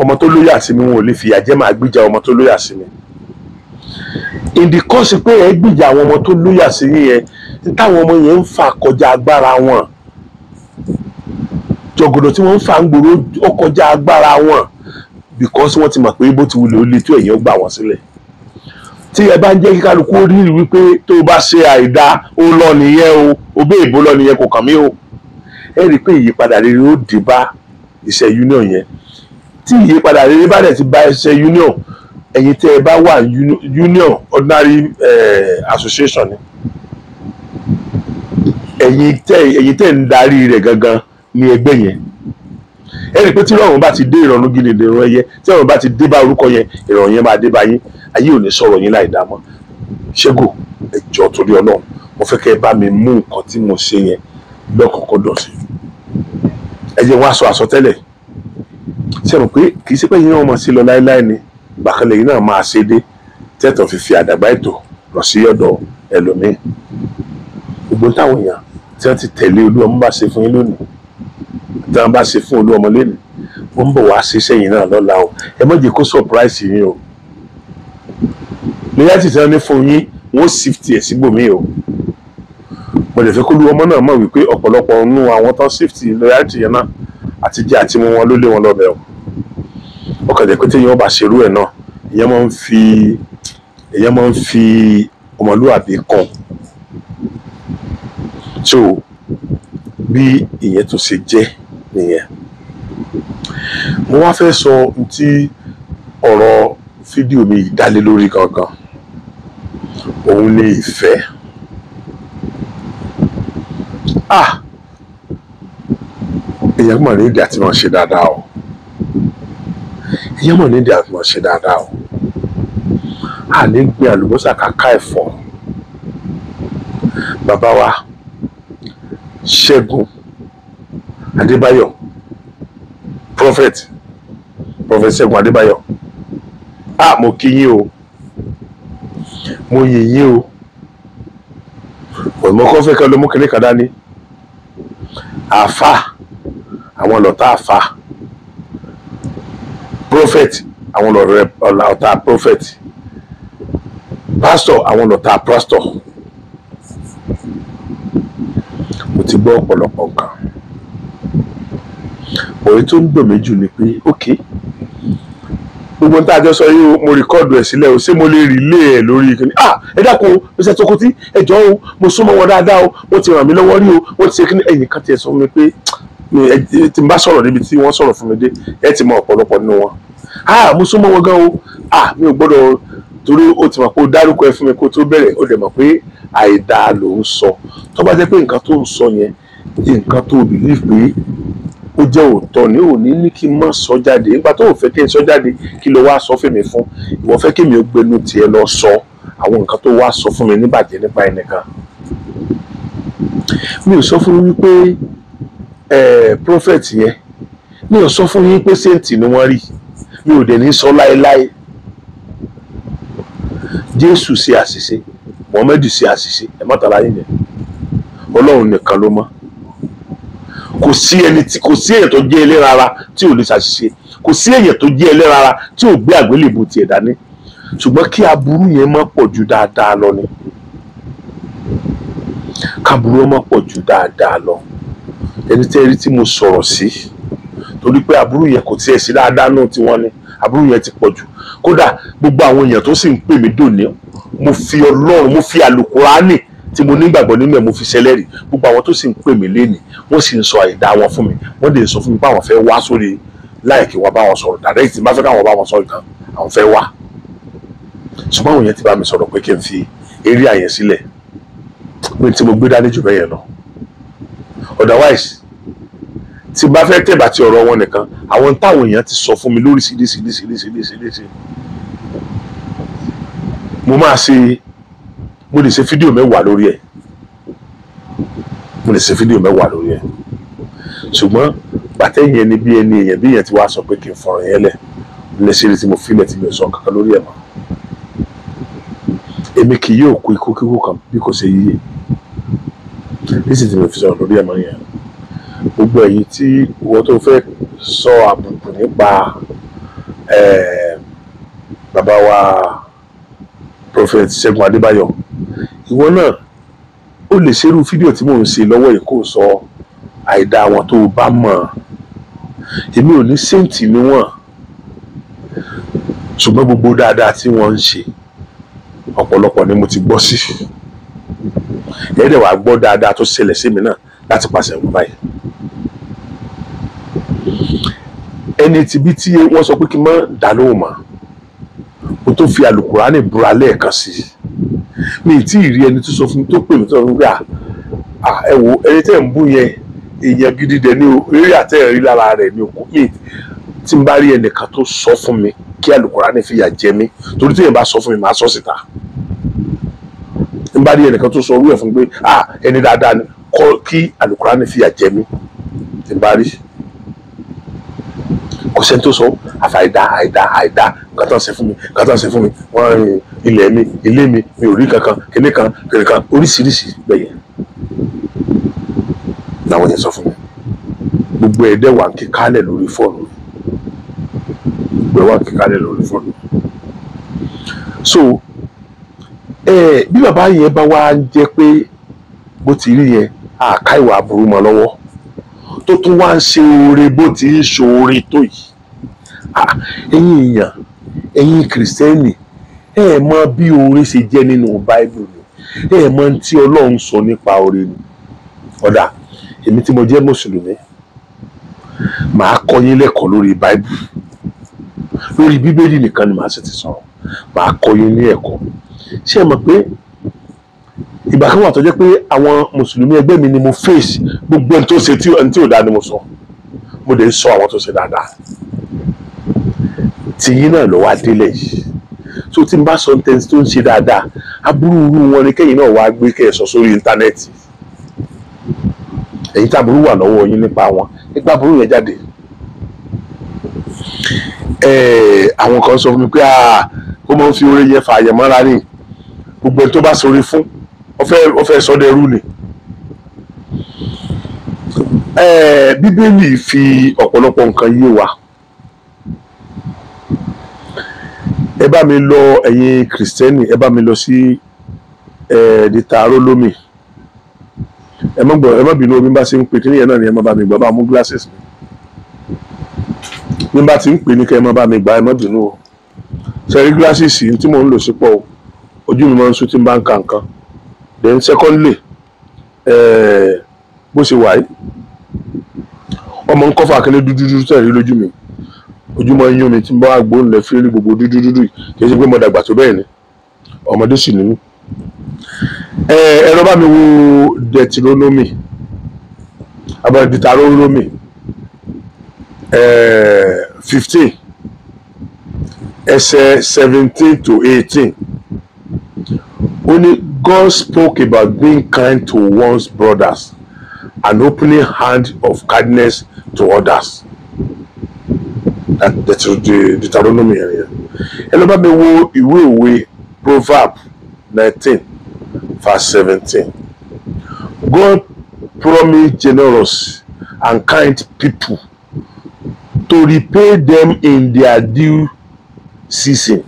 ọmọ tó lóyè àsìmí wọn ò lè fìyà jẹ máa gbìjà ọmọ tó lóyè àsìmí ìdí kọ́ sí pé ẹ gbìjà àwọn ọmọ tó lóyè àsìmí yẹn táwọn ọmọ yẹn ń fà kọjá agbára wọn jọ̀gọ̀dọ̀ tí wọ́n ń fà gbòòrò ó agbára wọn because wọ́n ti mọ̀ pé bó ti wulẹ̀ ó lè tó ẹ̀yìn ó gbà wọ́n sílẹ̀ tí ẹ bá ń jẹ́ kí kálukú ó rí wípé tó bá ṣe àìdá ó lọ nìyẹn o òbí ìbò lọ nìyẹn kò kàn mí o ẹ rí i pé ìyípadà rere ó dé bá iṣẹ́ union yẹn tí ìyípadà rere bá dẹ̀ ti bá iṣẹ́ union ẹ̀yin tẹ́ ẹ bá wà union ordinary eh, association ni ẹ̀yin tẹ́ ẹ̀yin tẹ́ ń darí rẹ̀ gangan ní ẹgbẹ́ yẹn ẹ rí i pé tí ìrọ̀rùn bá ti dé ìrọ̀rùn gidi ìrọ̀rùn ẹyẹ tí ìrọ̀rùn bá ti dé bá orúkọ yẹn ìrọ̀rùn yẹn máa dé bá yín ayé ò ní sọ̀rọ̀ yín láì dáa mọ́ ṣégò ẹ̀jọ̀ torí ọlọ́run mo fẹ́ kẹ́ ẹ bá mi mú nǹkan tí mo ṣe yẹn lọ́kọ̀ọ́kọ́ dọ̀sí ẹ jẹ́ wá sọ àsọtẹ́lẹ̀ ṣe mọ̀ pé kì í ṣe pé yín náà máa ṣe lọ láéláé ni gbàkanlẹ̀ yín náà máa ṣe dé tẹ́tọ̀ fífi àdàgbà ètò lọ sí ọ̀dọ̀ ẹlòmíín gbogbo táwọn èèyàn tí wọ́n ti tẹ̀lé olúwa bá ṣe fún yín lónìí tí wọ́n bá ṣe fún olúwa lónìí wọ́n bọ̀ wá ṣiṣẹ́ yín náà lọ́la o ẹ má jẹ́ kó surprise yín o lẹ́yìn tí wọ́n ní fún yín wọ́n sift ẹ̀ síbòmíì o pẹ̀lú ìfẹ́ kó lu ọmọ náà mọ̀ wípé ọ̀pọ̀lọpọ̀ nínú àwọn tán sift lọ́yàtì yẹn náà àti jẹ́ àti mu wọn ló lé wọn lọ́bẹ̀ o ó kàn jẹ́ pé téèyàn bá ṣerú ẹ̀ náà ìyẹn máa ń fi ìyẹn máa ń fi ọmọlúwàbí kan tó bí ìyẹn tó ṣe jẹ́ nìyẹn mo wá fẹ́ sọ ti ọ̀rọ̀ fídíò mi dálé lórí gangan òun ni ìfẹ́ ah èèyàn mọ̀ ní ìdí àti máa ṣe dáadáa o èèyàn mọ̀ ní ìdí àti máa ṣe dáadáa o a ní gbin àlùbọ́sà kàkà ẹ̀fọ́ bàbá wa Ṣẹ́gun Adébáyọ̀ prophet prophet Ṣẹ́gun Adébáyọ̀ a ah! mo kí yín o mo yè yín o ọ̀nà kan fẹ́ kẹ́ ló mú kinní kan dání àfa àwọn lọ́tà àfa prophet àwọn lọ́tà prophet pastor àwọn lọ́tà pastor mo ti gbọ́ ọ̀pọ̀lọpọ̀ nǹkan òye tó ń dùn mí jù ni pé ókè. Okay gbogbo ní tàjọ sọ yìí mo rìkọ́ọ̀dù ẹ̀ sílẹ̀ o ṣé mo lè rìlé ẹ̀ lórí ìkíni ah ẹ dákun o Mr. Tokoti ẹjọ́ o mo súnmọ́ wọn dáadáa o wọ́n ti ràn mí lọ́wọ́ rí o wọ́n ti ṣe kí ni ẹ̀yìn kan tiẹ̀ sọ mi pé tí n bá sọ̀rọ̀ níbi tí wọ́n sọ̀rọ̀ fún mi dé ẹ ti mọ ọ̀pọ̀lọpọ̀ nínú wọn ah mo súnmọ́ wọn gan o ah mi ò gbọ́dọ̀ torí o ti mọ̀ pé o dárúkọ ẹ fún mi kó tó bẹ̀rẹ̀ o dẹ̀ mọ̀ pé àìdáa ló ń sọ tó bá jẹ́ pé nǹkan tó ń sọ yẹn nǹkan tó ó jẹ́ òótọ́ ni ò ní ní kí n má sọ jáde nígbà tó ò fẹ́ kí n sọ jáde kí ló wá sọ fèmí fún ìwọ fẹ́ kí mi ó gbénu tiẹ̀ lọ sọ àwọn nǹkan tó wá sọ fún mi níbàjẹ́ nípa ẹnìkan mi ò sọ fún yín pé prophet yẹn mi ò sọ fún yín pé saint ni wọ́n rí mi ò dẹ̀ ní sọ láéláé Jésù ṣe àṣìṣe Mohammed ṣe àṣìṣe ẹ̀ mọ́tàlá yín yẹn Ọlọ́run nìkan ló mọ̀ kò sí ẹni tí kò sí èyàn tó jẹ́ ẹlẹ́ran ara tí ò lè ṣàṣìṣe kò sí èyàn tó jẹ́ ẹlẹ́ran ara tí ò gbé àgbélébù tiẹ̀ dání ṣùgbọ́n kí aburú yẹn má pọ̀ ju dáadáa lọ ni káburú má pọ̀ ju dáadáa lọ ẹni tẹ́ rí tí mo sọ̀rọ̀ sí torí pé aburú yẹn kò tiẹ̀ sí dáadáa náà tí wọ́n ní aburú yẹn ti pọ̀ jù kódà gbogbo àwọn èèyàn tó sì ń pè mí dòní mo fi ọlọ́run mo fi àlùkùránì tí mo nígbàgbọ́ nínú ẹ̀ mo fi ṣẹlẹ́rì gbogbo àwọn tó sì ń pè mí lénìí wọ́n sì ń sọ àìdá wọn fún mi wọ́n lè sọ fún mi pé àwọn fẹ́ wá sórí láìkí wọn bá wọn sọ̀rọ̀ direct má fẹ́ káwọn bá wọn sọ̀rọ̀ kan àwọn fẹ́ wá ṣùgbọ́n àwọn yẹn ti bá mi sọ̀rọ̀ pé kí n fi eré àyẹn sílẹ̀ pé tí mo gbé dání jù bẹ́yẹn lọ otherwise tí bá fẹ́ tẹ̀bà ti ọ̀rọ̀ wọn nìkan àwọn táwọn èèyàn ti sọ fún mi lóríṣiríṣiríṣiríṣiríṣi mo máa ṣe mo lè ṣe fídíò mẹ́wàá lórí ẹ̀ mo lè ṣe fídíò mẹ́wàá lórí ẹ̀ ṣùgbọ́n bàtẹ́ yẹn ni bí ẹni èèyàn bí èèyàn ti wá sọ pé kí n fọ̀rọ̀ yẹn lẹ̀ lè ṣe eré tí mo filẹ̀ tí mi ò sọ kankan lórí ẹ̀ mọ́ èmi kì yóò kú ikú kíkú kan bí kò ṣe yíyẹ níṣẹ́ tí mo fi sọ̀rọ̀ lórí ẹ̀ mọ́ yẹn gbogbo ẹ̀yin tí wọ́n tó fẹ́ sọ àbùkù nípa eh, bàbá wa Prophet Ṣẹ́gun Adébáyọ̀ ìwọ náà ó lè ṣerú fídíò tí mò ń ṣe lọ́wọ́ yìí kò sọ àìdá àwọn tó o bá mọ̀ èmi ò ní séǹtì ni wọ́n ṣùgbọ́n gbogbo dáadáa tí wọ́n ń ṣe ọ̀pọ̀lọpọ̀ ni mo ti gbọ́ sí ẹ̀ẹ́dẹ̀ wàá gbọ́ dáadáa tó ṣẹlẹ̀ sí mi náà láti pàṣẹ wọn báyìí ẹni tìbí tí wọ́n sọ pé kí n má dá lóhùn mọ́ mo tó fi àlùkùránì búra lẹ́ẹ̀kan sí i mi tí ì rí ẹni tó sọ fún mi tó pè mí tọrọ nígbà ah, ah, ẹ wo ẹni tẹ́ ń bú yẹn èèyàn gidi dẹ̀ ní eré àtẹ̀rí lára rẹ̀ ní okùn yìí tí n bá rí ẹnìkan tó sọ fún mi kí àlùkùránì fìyà jẹ mí torí téèyàn bá sọ fún mi màá sọ síta n bá rí ẹnìkan tó sọ orú ẹ̀ fún mi pé ah ẹni dáadáa ni kọ́ kí àlùkùránì fìyà jẹ mí tí n bá rí kò sẹ́ni tó sọ àfàìdá àìdá àìdá nǹkan tó ń ṣe fún mi nǹkan ṣe fún mi wọ́n rìn ilẹ̀ mi ilé mi mi ò rí kankan kíní kan kíní kan oríṣiríṣi bẹ́yẹn làwọn yẹn sọ fún mi gbogbo ẹ̀ dẹ́wà kíkálẹ̀ lórí fóònù gbogbo ẹ̀ wà kíkálẹ̀ lórí fóònù so ẹ bí bàbá yẹn bá wá ń jẹ pé bó ti rí yẹn àká ìwà aburú mọ́ lọ́wọ́ tó tún wá ń ṣe oore bó ti ń oore tó yìí ah, ẹ̀yin èèyàn ẹ̀yin kìrìsìtẹ́nì ẹ mọ bí oore ṣe jẹ́ nínú Bible ni ẹ mọ tí Ọlọ́run sọ nípa oore ni ọ̀dà èmi tí mo jẹ́ mùsùlùmí màá kọ́ yín lẹ́kọ̀ọ́ lórí Bible lórí bíbélì nìkan ni màá sì ti sọ̀rọ̀ màá kọ́ yín ní ẹ̀kọ́ ṣé ẹ mọ̀ pé ìgbà kan wà tó jẹ́ pé àwọn mùsùlùmí ẹgbẹ́ mi ni mo face gbogbo ẹni tó ṣe tí ò dáa ni mo sọ mo dẹ̀ sọ àwọn tó ṣe dáadáa tìyín náà ló wá délẹ̀ yìí so tí n bá sọ tẹ́ǹtì tó ń ṣe dáadáa aburú irú wọn ni kẹ́yìn náà wàá gbé kẹ́ ẹ̀ sọ sórí íńtánẹ́ẹ̀tì èyí táburú wà lọ́wọ́ yín nípa wọn nípa aburú yẹn jáde àwọn kan sọ fún mi pé ó máa ń fi oore yẹn fààyè mọ́ra ní gbogbo ẹni tó bá sọrí fún ó fẹ́ sọdẹrú ni bíbélì fi ọ̀pọ̀lọpọ̀ nǹkan yé wa. ẹ bá mi lọ ẹ̀yin kìrìsìtẹ́nì ẹ bá mi lọ sí ẹ̀ẹ́dì tààrọ́ lómi ẹ má gbọ́ ẹ má bínú omi bá ṣe ń pè kí nìyẹn náà ni ẹ má bá mi gbọ́ bá mú glasses mi bí bá ti ń pè ní kẹ́ ẹ má bá mi gbà ẹ má bínú o sẹ́rí glasses yìí tí mò ń lò sí o ojú mi máa ń sún tí n bá ń ka nǹkan then secondly bó ṣe wà yìí ọmọ ń kọ́fà akẹ́lẹ́ dúdú dúdú tẹ̀lé lójú mi ojúmọ́ yún mi tí mo bá gbóhùn lẹ fírí gbogbo dúdú dúdú kì í ṣe pé mo dàgbà tó bẹ́ẹ̀ ni ọmọdé sì nínú. ẹ bá mi wo dẹtirónómì abẹ́dìtarónómì fifteen ẹsẹ̀ seventeen to eighteen ó ní God spoke about being kind to one's brothers and opening hand of kindness to others. Deuteronomy yẹn ẹ lọ bá mi wo ìwé òwe proverb nineteen verse seventeen God promised generous and kind people to repay them in their due season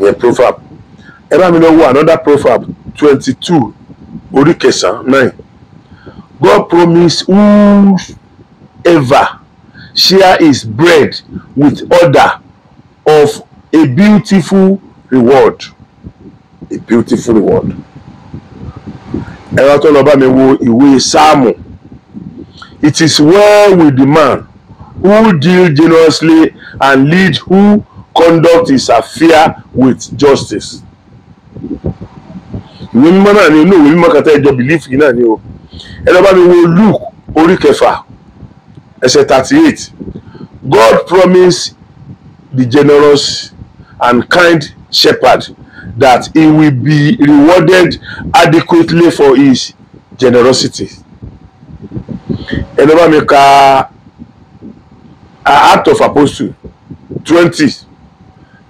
yẹn proverb ẹ bá mi lọ wo another proverb twenty two orí kẹsàn-án nine God promised who ever share his bread with other of a beautiful reward a beautiful reward ẹ̀rọ tó lọ bá mi wo ìwé sáàmù it is well with the man who deal generously and lead who conduct his affair with justice ìwé mímọ́ náà ni inú ìwé mímọ́ kàtà ìjọ bìlífì náà ni o ẹ̀rọ bá mi wo luke orí kẹfà ẹsẹ̀ thirty eight God promised the generous and kind shepherd that he will be rewarded adequately for his generosity. ẹnubá mi ka uh, act of apostle twenty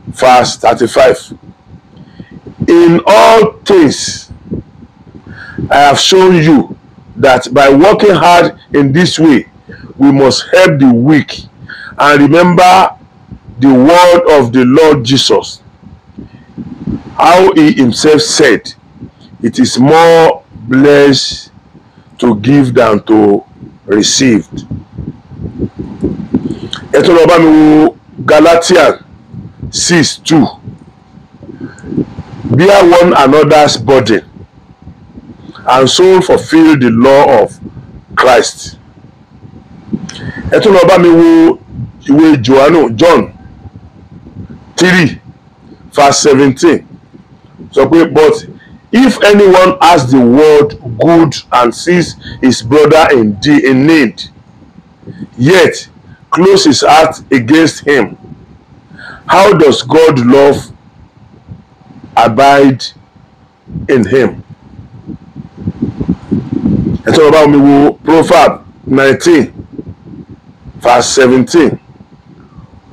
verse thirty-five in all things I have shown you that by working hard in this way we must help the weak and remember the word of the Lord Jesus, how he himself said, It is more blessed to give than to receive. Ẹ tó lọ bá mi wo Galatians six two bear one another's burden and so fulfill the law of Christ ẹ tún lọ bá mi wo ìwé johannu john three verse seventeen sọ pé but if anyone has the word good and sees his brother in, in need yet close his heart against him how does God love abide in him? ẹ tún lọ bá mi wo proverb nineteen verse 17.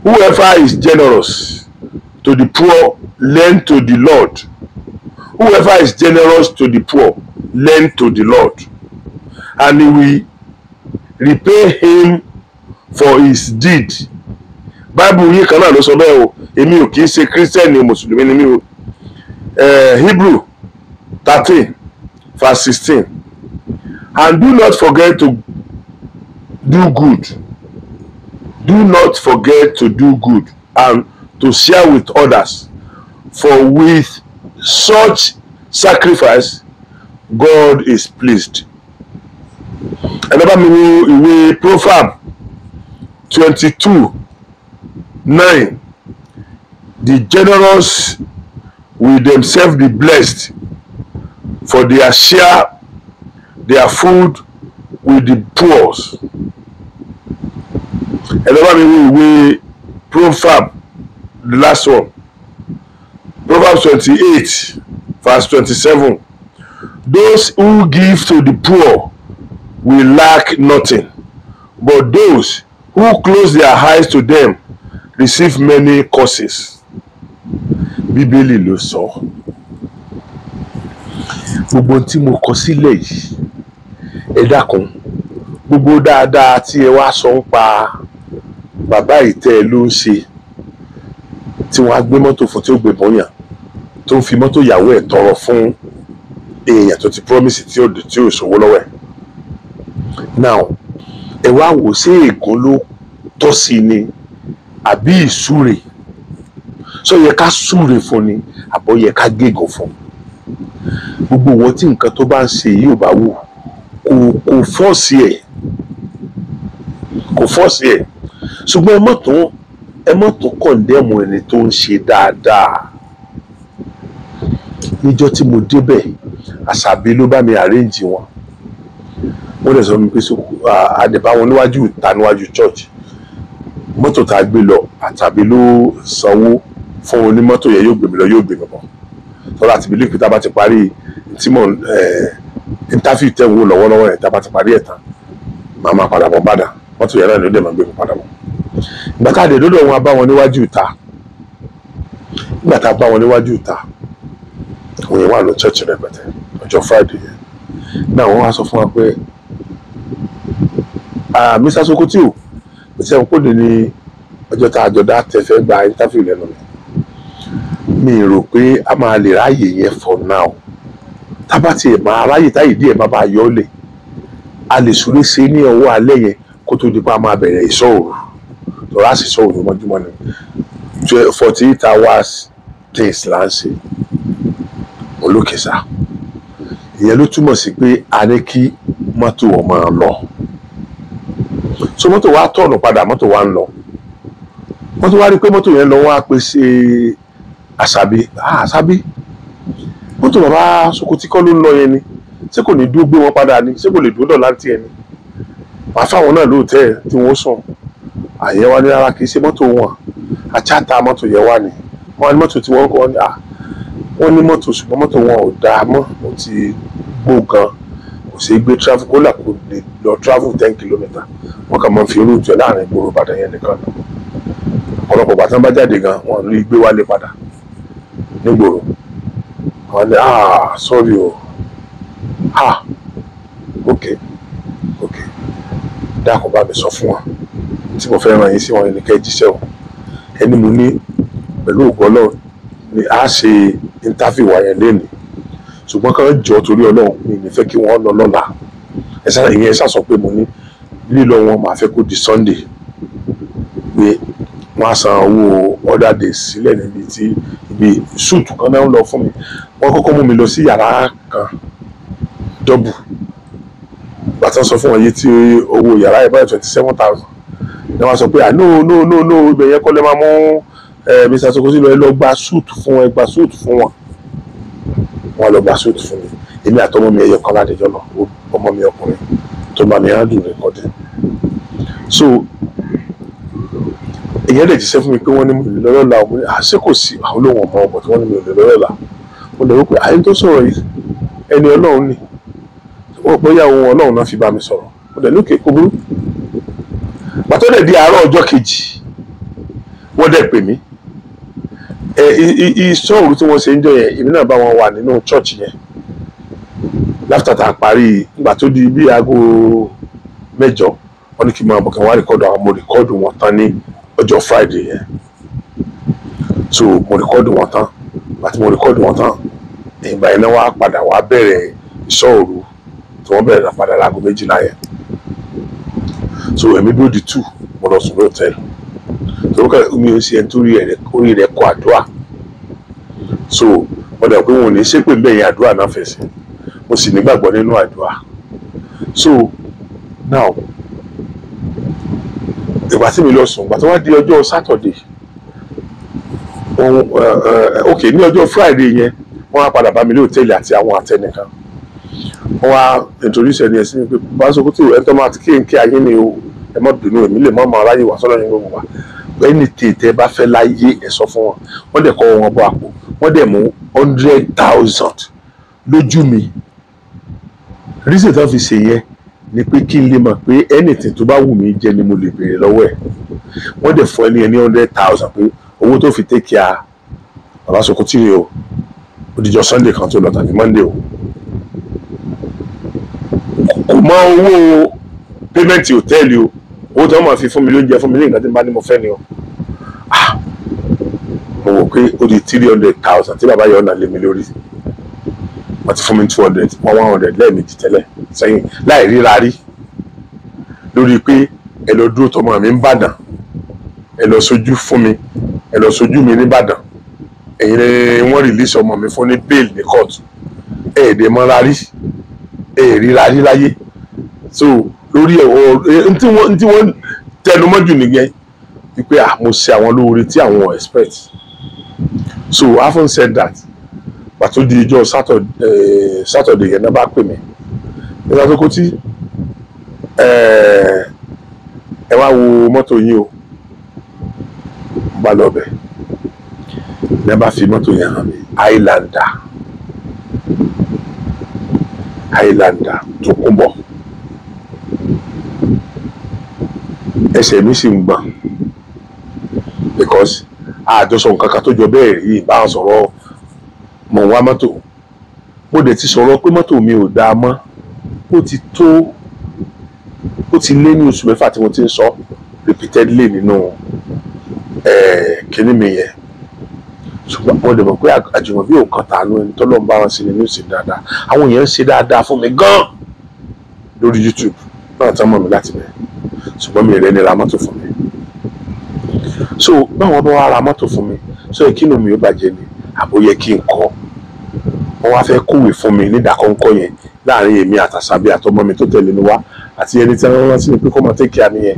Whoever is generous to the poor, lend to the Lord. Whoever is generous to the poor, lend to the Lord. And he will repay him for his deed. Bible yìí kan náà ló sọ bẹ́ẹ̀ o, èmi ò kìí ṣe kírísítẹ́nì mùsùlùmí ni mí o. Eh, Hebrew thirteen verse sixteen and do not forget to do good Do not forget to do good and to share with others, for with such sacrifice, God is pleased. Ẹ lọ bá mi ìwé Proverb twenty two nine the generous will themselves be blessed for their share their food with the poor ẹ lọ́wọ́ mi wí ìwé proverb the last one proverb twenty eight verse twenty seven those who give to the poor will lack nothing but those who close their eyes to them receive many curses bíbélì ló sọ gbogbo tí mo kọ sílẹ̀ yìí ẹ dákun gbogbo dáadáa tí ẹ wá sọ ń pa bàbá ìtẹ́ ló ń ṣe tí wọ́n á gbé mọ́tò fún tí ó gbé bọ́yàn tó ń fi mọ́tò ìyàwó ẹ̀ tọrọ fún èèyàn tó ti promise tí ò tí ò ṣòwò lọ́wọ́ ẹ̀ now ẹ wá wò ṣé ègún ló tọ́ sí ni àbí ìsúre sọ yẹ ká súre fún ni àbọ̀ yẹ ká gégùn fún gbogbo wọn tí nǹkan tó bá ń ṣe yìí ò bá wù kò kò fọ́ọ̀sì ẹ̀ kò fọ́ọ̀sì ẹ̀ ṣùgbọ́n ẹ má tó ẹ má tó ẹni tó ń ṣe dáadáa níjọ́ tí mo débẹ̀ àṣàbí ló bá mi àrẹ́ǹjì wọn wọ́n lè sọ mi pé àdèbá wọn níwájú ìta níwájú church mọ́tò tá a gbé lọ àtàbí ló sanwó fún onímọ́tò yẹn yóò gbé mi lọ yóò gbé mi bọ̀ tọ́lá àti bílíkì tá a bá ti parí tí mò eh, ń lọ́wọ́lọ́wọ́ yẹn tá a bá ti parí ẹ̀ tán màá máa padà bọ̀ bàdàn mọ́tò yẹn náà ni ó dẹ̀ máa gbé mi padà wọ̀ ìgbà káàdì ìdódò wọn bá wọn níwájú ìta ìgbà tá a bá wọn níwájú ìta òun yẹn wà lọ chọ́ọ̀chì rẹpẹtẹ ọjọ́ friday yẹn náà wọ́n wá sọ fún wa pé Mr. Sokoti o ìṣe òun kóde ní ọjọ́ tá a jọ dá tẹ̀fẹ́ gba interview lẹ́nu mi mi rò pé a máa lè ráàyè yẹn for now tábà tiẹ̀ máa ráàyè táyì díẹ̀ má bàa yọ ọ́ lẹ̀ a lè súré ṣe ní ọwọ́ alẹ́ yẹn kó tó di pa máa bẹ̀rẹ̀ ìṣòro tọ́lá sì sọ̀rọ̀ lójúmọ́ ni forty eight hours days là ń ṣe olókèsà ìyẹn ló túmọ̀ sí pé a ní kí mọ́tò wọn máa lọ so mọ́tò wa tọ̀nù padà mọ́tò wa ń lọ mọ́tò wa rí pé mọ́tò yẹn lọ wá pé ṣe àṣàbí àṣàbí mọ́tò bàbá sokoti kọ́ ló ń lọ yẹn ni ṣé kò ní dúró gbé wọn padà ni ṣé kò lè dúró dọ̀ láti ẹni wàá fáwọn náà lóòtẹ́ẹ̀ tí wọ́n sùn àyẹ̀ wá ní rárá kì í ṣe mọ́tò wọn àchátà mọ́tò yẹn wá ni wọ́n ní mọ́tò tí wọ́n kọ́ ni à wọ́n ní mọ́tò ṣùgbọ́n mọ́tò wọn ò dáa mọ́ ó ti gbó gan kò sí gbé travel kó là kó lè lọ travel ten kilometre wọ́n kàn máa ń fi irú ìjọ láàrin ìgboro Ìbàdàn yẹn nìkan ni ọ̀pọ̀lọpọ̀ bàtà bá jáde gan wọn rí gbé wálé padà nígboro wọn ni ah sorry o ah ok okay dákun bá mi sọ fún wọn tí mo fẹ́ ràn yín sí wọn ní kẹ́ jíṣẹ́ o ẹni mo ní pẹ̀lú ògùn ọlọ́run ni a ṣe interview wa yẹn lénìí ṣùgbọ́n kàn jọ torí ọlọ́run mi ní fẹ́ kí wọ́n lọ lọ́la ìyẹn ẹ ṣàṣọ pé mo ní lílọ wọn màá fẹ́ kó di Sunday pé wọ́n á san owó order day sílẹ̀ níbi tí ibi ṣùtù kan náà ń lọ fún mi wọ́n kọ́kọ́ mú mi lọ sí yàrá kan dọ́bù bàtí wọ́n sọ fún wọn yìí tí owó yàrá ẹ̀ báyìí twenty seven thousand ni wọ́n sọ pé ah no no no no yẹn kọ́ lè máa mú Mr. Sokosi lọ ẹ lọ gba súùtù fún ẹ gba súùtù fún wọn wọn lọ gba súùtù fún mi èmi àtọmọ mi ẹyẹ kan ládẹjọ lọ ọmọ mi ọkùnrin tó máa mi handle recording so èyàn lè jíṣẹ́ fún mi pé wọ́n ní mi ò lè lọ́rọ̀ la òun àṣẹ ah, kò sí àwọn olóhùn ọmọ ọmọ tí wọ́n ní mi ò lè lọ́rọ̀ la mo lè rò pé àyè ah, tó sọ̀rọ̀ yìí ẹni ọlọ́run ni wọ́n pé ìyàwó wọn náà náà fi bá mi sọ̀rọ̀ mo dẹ̀ lókè kó burú pàtó dẹ̀ di àárọ̀ ọjọ́ kejì wọ́n dẹ̀ pè mí ẹ iṣẹ́ òru tí wọ́n ṣe ń jọ yẹn èmi náà bá wọn wà nínú chọ́ọ̀chì yẹn láfítà tá a parí ìgbà tó di bí aago mẹ́jọ wọ́n ní kí n máa bọ̀ kí wá rìkọ́dù àwọn mo rìkọ́dù wọn tán ní ọjọ́ friday yẹn so mo rìkọ́dù wọn tán àti mo rìkọ́dù wọn tán ìgbà yẹn náà wá padà wá bẹ̀rẹ̀ iṣẹ́ tí wọ́n bẹ̀rẹ̀ náà padà láago méjìlá yẹn so èmi dúró di two mo lọ sùn lóòtẹ́ẹ̀lì torí ká mi ò ṣe ẹni tó rí rẹ̀ orí rẹ̀ kọ àdúrà so mo dẹ̀ pé wọn ò ní ṣépè ń bẹ̀yìn àdúrà náà fẹ̀sẹ̀ mo sì nígbàgbọ́ nínú àdúrà so now ìgbà tí mi lọ sùn ìgbà tó wá di ọjọ́ sátọ̀dé òun eh, eh, ok ní ọjọ́ friday yẹn wọ́n á padà bá mi lóòtẹ́ẹ̀lì àti àwọn àtẹnìkan wọ́n wá introduce ẹni ẹ̀ sí mi pé bá Sokoto ẹ̀ tọ́ máa ti kí n kí ayé ni o ẹ má bínú èmi lè má mọ aráyè wá sọ́dọ̀ yín gbogbo wa ẹni tètè bá fẹ́ láyé ẹ̀ sọ fún wọn wọ́n dẹ̀ kọ́ wọn bọ́ àpò wọ́n dẹ̀ mú hundred thousand lójú mi reason tó fi ṣe yẹn ni pé kí n lè mọ̀ pé anything tó bá wù mí jẹ ni mo lè béèrè lọ́wọ́ ẹ̀ wọ́n dẹ̀ fún ẹni ẹni hundred thousand pé owó tó fi take care Bàbá Sokoto rè o ó dijọ́ Sunday kan tó lọ tàbí Monday o kò mọ owó payment hòtẹ́ẹ̀lì o owó tí wọ́n máa fi fún mi lóúnjẹ fún mi ní nǹkan tí n bá ní mo fẹ́ ni o ah! mo wò pé ó di three hundred thousand tí bàbá yọ ọ̀nà lé mi lórí wọ́n ti fún mi two hundred wọ́n one hundred lẹ́ẹ̀mejì tẹ́lẹ̀ sẹ́yìn láì ríra rí lórí pé ẹ lọ dúró tọmọ mi ń bàdàn ẹ lọ sojú fún mi ẹ lọ sojú mi ní bàdàn ẹ̀yin ni wọ́n release ọmọ mi fún ní bail ní court ẹ̀ẹ́dẹ̀ mọ́ra rí ẹ̀ẹ́ríra rí láyé so lórí ẹ̀wọ̀n ntí wọ́n ntí wọ́n tẹnumọ́ jù nìyẹn wípé ah mo ṣe àwọn lóore tí àwọn expect so having said that pàtó di ijọ́ Saturday yẹn náà bá pè mí nígbà tó kó tí ẹ wá wo mọ́tò yín o bá lọ bẹ̀ ní bá fi mọ́tò yẹn hàn mí Highlander Highlander tó kún bọ̀. ẹsẹ̀ mi sì ń gbọ̀n because àjọsọ nǹkan kan tó jọ bẹ́ẹ̀ rí bá a sọ̀rọ̀ mọ̀ wá mọ́tò mo dẹ̀ ti sọ̀rọ̀ pé mọ́tò mi ò dáa mọ́ ó ti tó ó ti lé ní oṣù mẹ́fà tí mo ti ń sọ repeatedly nínú kíní mi yẹn ṣùgbọ́n mo dẹ̀ mọ̀ pé àjùmọ̀bí ò kàn tàánú ẹni tọ́lọ́ ń bá wọn sí ni ní ìsìn dáadáa àwọn èèyàn ń ṣe dáadáa fún mi gan lórí YouTube náà tán mọ̀ mí láti bẹ̀rẹ̀ ṣùgbọ́n mi rẹ̀ ni ra mọ́tò fún mi so báwọn bá wa ra mọ́tò fún mi so ìkínú mi ò bàjẹ́ ni àbó yẹ kí n kọ́ wọ́n wá fẹ́ kúwèé fún mi nídàkọ́ńkọ́ yẹn láàrin èmi àtàṣàbí àtọmọ mi tó tẹ̀lé mi wá àti ẹni tí wọ́n rántí pé kó máa tẹ́kì àmì yẹn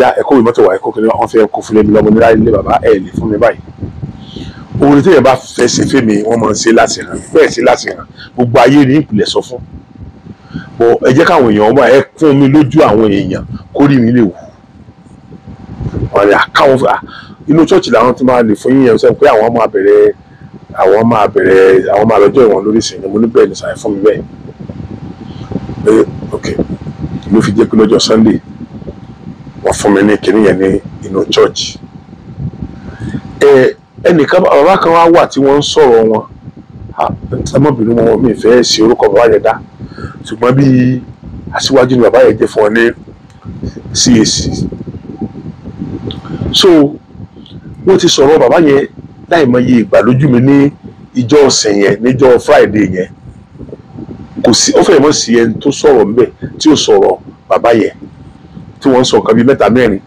ya ẹ̀kọ́ ìwé mọ́tò wà ẹ̀kọ́ kìnìún wọ́n fẹ́ kó fúnlẹ̀ mi lọ́mọ nílá ilé bàbá ẹ̀ lè fún mi báyìí orin tí yẹn bá fẹ́ ṣe fẹ́ mi wọ́n máa ṣe láti hàn bẹ́ẹ̀ ṣe láti hàn gbogbo ayé ní ìpìlẹ̀ sọ fún bọ̀ ẹ jẹ́ káwọn èèyàn wá ẹ kún mi lójú àwọn èèyàn kórì mi lè wù wọn ni àkáwọn fún inú ṣọ́ọ̀ṣì làwọn ti máa lè fún yín yẹn sẹ́yìn pé àwọn máa bẹ̀rẹ̀ àwọn máa bẹ̀rẹ̀ àwọn máa lọ́jọ́ ìwọ̀n lórí ìsìn ni mo ní bẹ́ẹ̀ ní sàyẹ̀ fún mi bẹ́ẹ̀ pé ok ló fi jẹ́ pé lọ́jọ́ Sunday wọ́n fún mi ní kinní yẹn ní inú ṣọ́ọ̀ṣì ẹ ẹnìkan bàbá kan wá wà tí wọ́n ń sọ̀rọ̀ wọn ẹ wọn mi fẹ́ ṣe orúkọ bàbá yẹn dá ṣùgbọ́n bí aṣíwájú ni bàbá yẹn jẹ́ fún ọ ní CAC so wọ́n ti sọ̀rọ̀ bàbá yẹn láìmọye ìgbà lójú mi ní ìjọ ọ̀sìn yẹn níjọ Friday yẹn kò sí ó fẹ́ẹ̀ mọ̀ sí ẹni tó sọ̀rọ̀ ńbẹ̀ tí ó sọ̀rọ̀ bàbá yẹn tí wọ́n ń sọ nǹkan bíi mẹ́ta mẹ́rin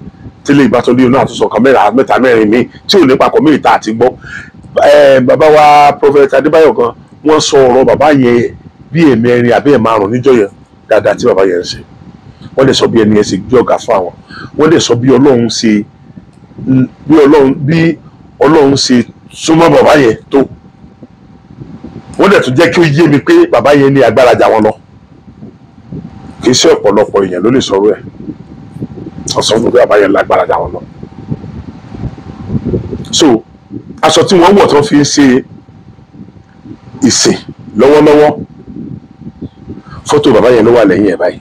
tílé ìbátanlé náà tó sọ nǹkan mẹ́ta mẹ́ta mẹ́rin mi tí ò ní papọ̀ mí ìta àti gbọ́ bàbá wa Prophet Adébáyọ̀ gan wọ́n sọ ọ̀rọ̀ bàbá yẹn bí ẹ̀mẹrin àbí ẹ̀márùn níjọ́ yẹn dáadáa tí bàbá yẹn ń ṣe wọ́n lè sọ bí ẹni yẹn ṣe gbé ọ̀gá fún àwọn wọ́n lè sọ bí ọlọ́run ṣe bí ọlọ́run bí ọlọ́run ṣe súnmọ́ bàbá yẹn tó wọ́n lè tún jẹ́ kí ó yé mi pé bàbá yẹn ní agbára jà wọ́n lọ kì í ṣe ọ̀pọ̀lọpọ̀ èèyàn ló lè sọ̀rọ̀ ẹ̀ ọ̀sán fún pé bàbá yẹn lágbára jà wọ́n lọ so aṣọ tí wọ́n wọ̀ tí wọ́n fi ń ṣe ìsìn lọ́wọ́lọ́wọ́ fọ́tò bàbá yẹn ló wà lẹ́yìn ẹ̀ báyìí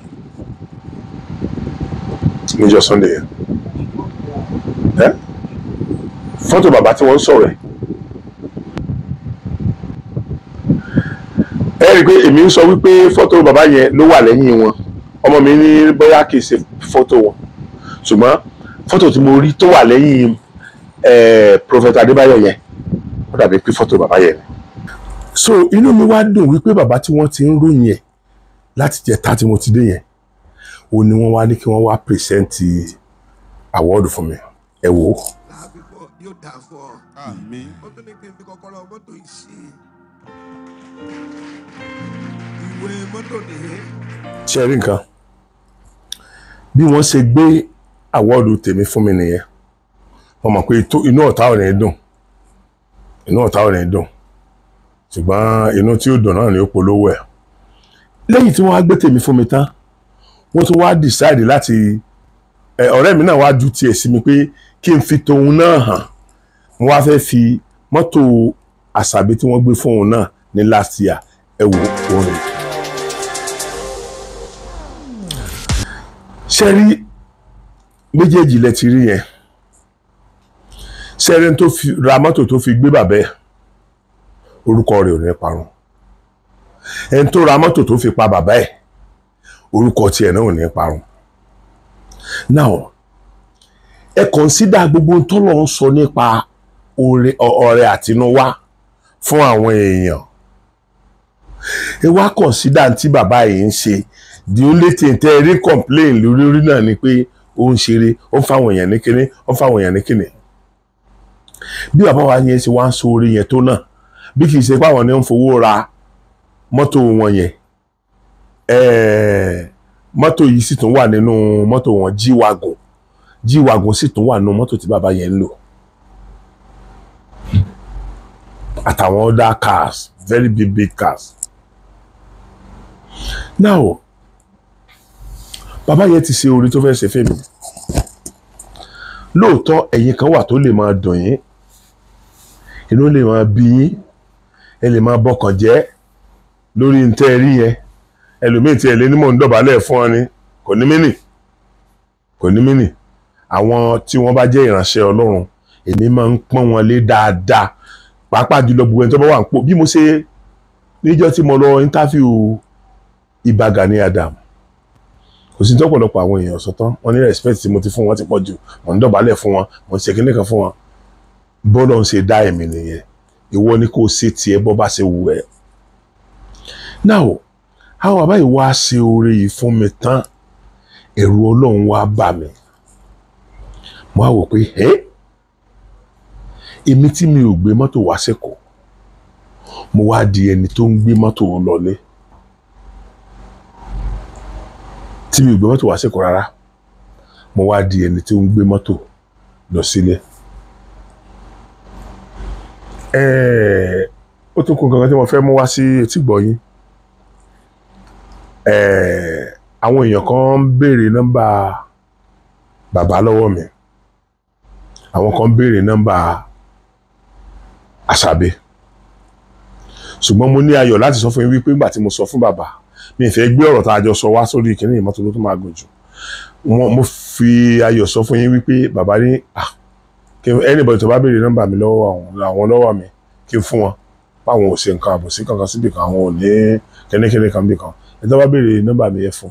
níjọ́ sunday yẹn ẹ fọ́tò bàbá tí wọ́n ń sọ̀rọ̀ ẹ ẹ rí i pé èmi ń sọ wípé fọ́tò bàbá yẹn ló wà lẹ́yìn wọn ọmọ mi ní bóyá kì í ṣe fọ́tò wọn ṣùgbọ́n fọ́tò tí mo rí tó wà lẹ́yìn prophet adébáyọ̀ yẹn ó dàbí pé fọ́tò bàbá yẹn so inú mi wá dùn wípé bàbá tí wọ́n ti ń ròyìn ẹ̀ láti jẹta tí mo ti dé yẹn ó ní wọ́n wá ní kí wọ́n wá pèsèǹtì àwọ́ọ̀dù fún mi ẹ wò ó. yóò dà fún ọ ó tún ní kí n fi kọ́kọ́rọ́ mọ́tò yìí sí ìwé mọ́tò nìyí. ṣe rí nǹkan bí wọ́n ṣe gbé àwọ́ọ̀dù tèmi fún mi nìyẹn wọ́n mọ̀ pé inú ọ̀tá ọ̀rẹ́ ẹ̀ dùn inú ọ̀tá ọ̀rẹ́ ẹ̀ dùn ṣùgbọ́n inú tí ó dùn náà ni ó polówó ẹ̀ lẹ́yìn tí wọ́n á gbé tèmi fún mi tán wọ́n tún wá decide láti ọ̀rẹ́ mi náà wá ju tiẹ̀ sí mi pé kí n fi tòun náà hàn mo wá fẹ́ fi mọ́tò àṣàbí tí wọ́n gbé fún òun náà ní last year ẹ wò orin. ṣe rí méjèèjì lẹ ti rí yẹn ṣe tó ra mọ́tò tó fi gbé bàbá orúkọ rẹ̀ ò ní parun ẹni tó ra mọ́tò tó fi pa bàbá ẹ̀ orúkọ tiẹ̀ náà ò ní parun now ẹ consider gbogbo ohun tó lọ ń sọ nípa ọrẹ àtinúwá fún àwọn èèyàn ẹ wá consider tí bàbá yìí ń ṣe the only thing tẹ́ ẹ rí complain lórí orí náà ni pé ó ń ṣeré ó ń fáwọn èèyàn ní kíní ó ń fáwọn èèyàn ní kíní bí bàbá wa yẹn ṣe wá ń so orí yẹn tó náà bí kì í ṣe pé àwọn ni ó ń fowó ra mọ́tò wọn yẹn eh, mọ́tò yìí sì tún wà nínú mọ́tò wọn g-wagon g-wagon sì tún wà nínú mọ́tò tí bàbá yẹn ń lò àtàwọn other cars very big big cars now bàbá yẹn ti ṣe orí tó fẹ́ ṣe fèmí lóòótọ́ ẹ̀yin kan wà tó lè máa dùn yín inú lè máa bí yín ẹ lè máa bọkàn jẹ́ lórí ntẹ́ ẹ rí yẹn ẹlòmíì tí ẹ lé ń dọ̀bálẹ̀ fún ọ ni kò ní mínì kò ní mínì àwọn tí wọ́n bá jẹ́ ìránṣẹ́ ọlọ́run èmi máa ń pọ́n wọn lé dáadáa pàápàá jùlọ gbogbo ẹni tó bá wà ń pò bí mo ṣe níjọ́ tí mo lọ íńtáfíù Ìbà Gani Adam kò sí tọ́pọ̀lọpọ̀ àwọn èèyàn sọ tán wọ́n ní respect tí mo ti fún wọn ti pọ̀ jù mo ń dọ̀bálẹ̀ fún wọn mo ń ṣe kan fún wọn bọ́lọ̀ ń ṣe dá ẹ̀mí nìyẹn ìwọ ni kò ṣe tiẹ̀ bọ́ bá ṣe wù ẹ́ now àwọn bàbá yìí wá ṣe oore yìí fún mi tán ẹ̀rù ọlọ́run wá bà mí mo á wò pé ẹ́ èmi tí mi ò gbé mọ́tò wá sẹ́kọ̀ọ́ mo wá di ẹni tó ń gbé mọ́tò lọlé tí mi ò gbé mọ́tò wá sẹ́kọ̀ọ́ rárá mo wá di ẹni tó ń gbé mọ́tò lọ sílé ẹ̀ẹ́ ó tún kún kankan tí mo fẹ́ mú wá sí etígbọ̀ yín. Eh, àwọn èèyàn kan ń béèrè nọ́mbà bàbá lọ́wọ́ mi àwọn kan ń béèrè nọ́mbà àṣàbí ṣùgbọ́n mo ní ayọ̀ láti sọ fún yín wípé nígbà tí mo sọ fún bàbá mi ìfẹ́ gbé ọ̀rọ̀ tá a jọ sọ wá sórí kìnìún ìmọ́tò tó máa gùn jù mo fi ayọ̀ sọ fún yín wípé bàbá ní ah kí anybody tó bá béèrè nọ́mbà mi lọ́wọ́ àwọn lọ́wọ́ mi kí n fún wọn báwọn ò ṣe nǹkan àbòsí kankan síbì kan àwọn ò ní kẹ́nẹ́kẹ́nẹ́ kan bì kan ẹ tó bá béèrè nọ́mbà mi ẹ fún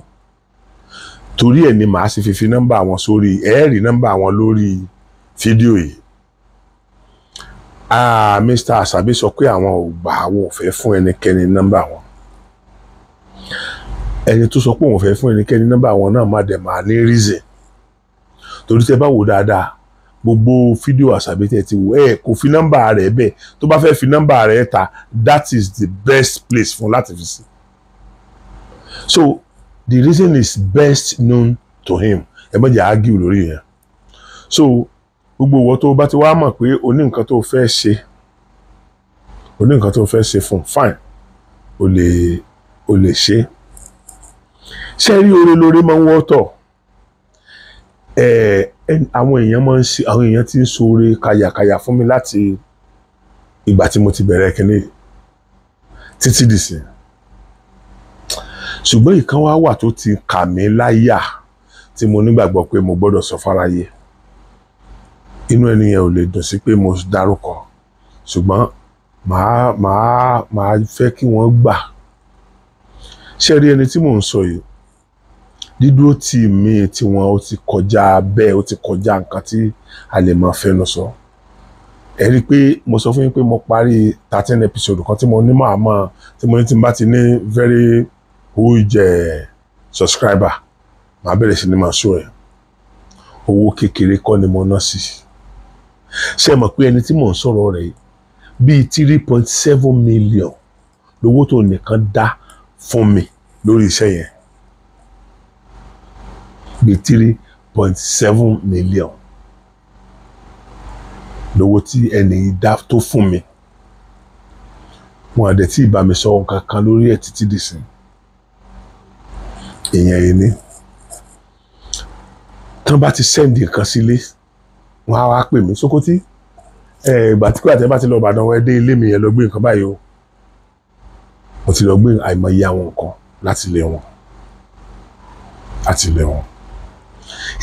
torí ẹ̀ ni màá sì fi fi nọ́mbà wọn sórí ẹ rí nọ́mbà wọn lórí fídíò yìí ah Mr. Asabi sọ pé àwọn ò gbà àwọn ò fẹ́ fún ẹnikẹ́ni nọ́mbà wọn ẹni tó sọ pé òun fẹ́ fún ẹnikẹ́ni nọ́mbà wọn náà má dẹ̀ máa ní reason torí tẹ́ bá wò dáadáa gbogbo fídíò Àṣàbí tẹ́ ti wò ẹ̀ kò fi nọ́mbà rẹ̀ bẹ́ẹ̀ tó bá fẹ́ fi nọ́mbà rẹ̀ ta that is the best place fún láti fi sí i so the reason is best known to him ẹ má jẹ́ argue lórí yẹn so gbogbo ìwọ tó bá ti wá mọ̀ pé o ní nǹkan tó fẹ́ ṣe o ní nǹkan tó fẹ́ ṣe fún fine o lè o lè ṣe ṣe rí oore lóore máa ń wọ́tọ̀ àwọn èèyàn máa ń ṣe àwọn èèyàn ti ń ṣoore kàyàkàyà fún mi láti ìgbà tí mo ti bẹ̀rẹ̀ kínní títí dìsìn ṣùgbọ́n ìkan wá wà tó ti kà mí láyà tí mo nígbàgbọ́ pé mo gbọ́dọ̀ sọ fáráyé inú ẹnìyẹn ò lè dùn sí pé mo dárúkọ ṣùgbọ́n màá màá màá fẹ́ kí wọ́n gbà ṣé rí ẹni tí mò ń sọ yìí dídúró tì mí tí wọn ó ti kọjá bẹ́ẹ̀ ó ti kọjá nǹkan tí a lè máa fẹ́nu sọ ẹ rí i pé mo sọ fún yín pé mo parí thirteen episode kan tí mo ní màá máa tí mo ní tí n bá ti ní very who jẹ́ subscriber màá bẹ̀rẹ̀ sí ni máa sọ ẹ̀ owó kékeré kọ́ ni mo ná sí ṣe mọ̀ pé ẹni tí mò ń sọ̀rọ̀ rẹ̀ bíi three point seven million lówó tó nìkan dá fún mi lórí iṣẹ́ yẹn bíi three point seven million lówó tí ẹni dá tó fún mi wọn àdẹ̀ tí ìbámisọ̀ kankan lórí ẹ̀ títí dìsìn èèyàn ẹni tí wọ́n bá ti sẹ́ǹdì nǹkan sílé wọ́n á wá pè mí Sokoti ìgbà tí kò àtẹ́ bá ti lọ Ìbàdàn wọ́n dé ilé mi yẹn lọ gbé nǹkan báyìí o mo ti lọ gbé àìmọye àwọn nǹkan láti ilé wọn láti ilé wọn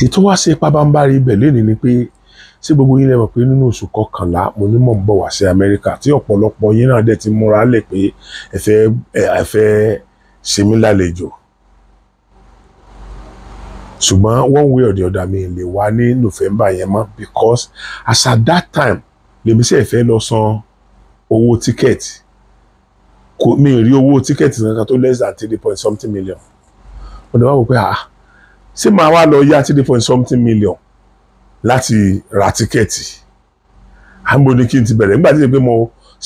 ètò wá sí pabambari ibẹ̀ lónìí ni pé ṣé gbogbo yín lè mọ̀ pé nínú oṣù kọkànlá mo ní mò ń bọ̀ wá sí Amẹ́ríkà tí ọ̀pọ̀lọpọ̀ yín náà dẹ̀ ti múra lẹ̀ pé ẹ fẹ́ ṣe mí lálejò ṣùgbọ́n one way or the other mi lè wá ní november yẹn mọ́ because as at that time lèmi sì fẹ́ lọ san owó tíkẹ́ẹ̀tì kò mi rí owó tíkẹ́ẹ̀tì kankan tó less than three point something million mo dẹ̀ wá wò pé ah ṣé màá wá lọ yá three point something million láti ra tíkẹ́ẹ̀tì àmọ́ ní kí n ti bẹ̀rẹ̀ nígbà tí mo pé mo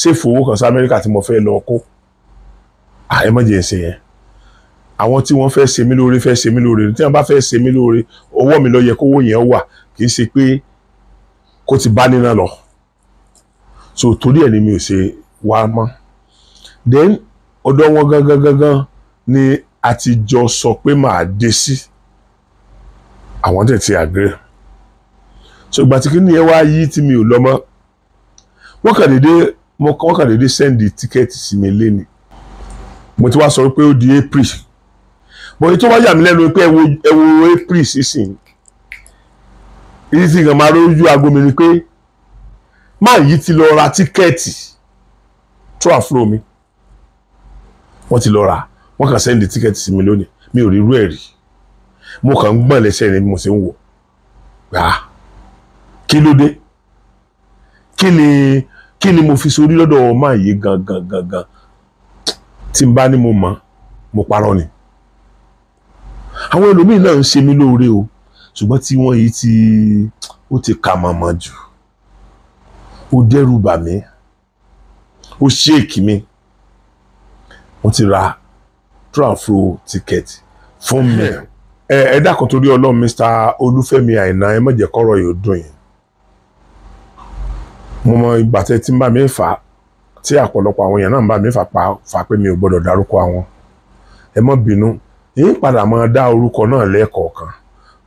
ṣèfowó kan sí amẹ́ríkà tí mo fẹ́ lọ kó ah emergency yẹn àwọn tí wọ́n fẹ́ ṣe mí lóore fẹ́ ṣe mí lóore tí wọ́n bá fẹ́ ṣe mí lóore ọwọ́ mi ló yẹ kówó yẹn wà kì í ṣe pé kó ti bá nínà lọ so torí ẹ̀ ni mi ò ṣe wá mọ́ then ọ̀dọ̀ wọn gangan gangan ni a ti jọ sọ pé màá dé sí àwọn tẹ̀ ti agree so ìgbà tí kí ni ẹ wá yí tí mi ò lọ mọ́ wọ́n kàn déédé wọ́n kàn déédé the tíkẹ́ẹ̀tì sí mi léni mo ti wá sọ pé ó di April bọ̀ èyí tó wá yà mí lẹ́nu pé ẹwo ẹwo april sísìn èyí ti kàn máa rójú aago mi ni pé máa yìí ti lọ ra tíkẹ́ẹ̀tì tó àfúrò mi wọ́n ti lọ ra wọ́n kàn sẹ́ndì tíkẹ́ẹ̀tì sí mi lónìí mi ò rí irú ẹ̀ rí mo kàn ń gbọ̀n lẹ́sẹ̀ ni mo ṣe ń wò gbà ah, kí ló dé kí ni kí ni mo fi sórí lọ́dọ̀ ọmọ àyè gangan gangan tí n bá ní mo mọ̀ mo parọ́ ni àwọn ẹlòmíì náà ń ṣe mí lóore o ṣùgbọ́n tí wọ́n yìí ti ó ti kà mọ̀mọ́ jù ó dẹ́rù bà mí ó ṣéèkì mi mo ti ra trafro ticket fún mi hmm. ẹ ẹ dákun torí ọlọ́run Mr. Olúfẹ́mi Àìná ẹ má jẹ́ kọ́rọ̀ yóò dùn yín mo mọ ìgbà tẹ tí ń bá mi fà á tí àpọ̀lọpọ̀ àwọn èèyàn náà ń bá mi fà pa fà pé mi ò gbọ́dọ̀ dárúkọ àwọn ẹ má bínú ń padà máa dá orúkọ náà lẹ́ẹ̀kọ̀ọ̀kan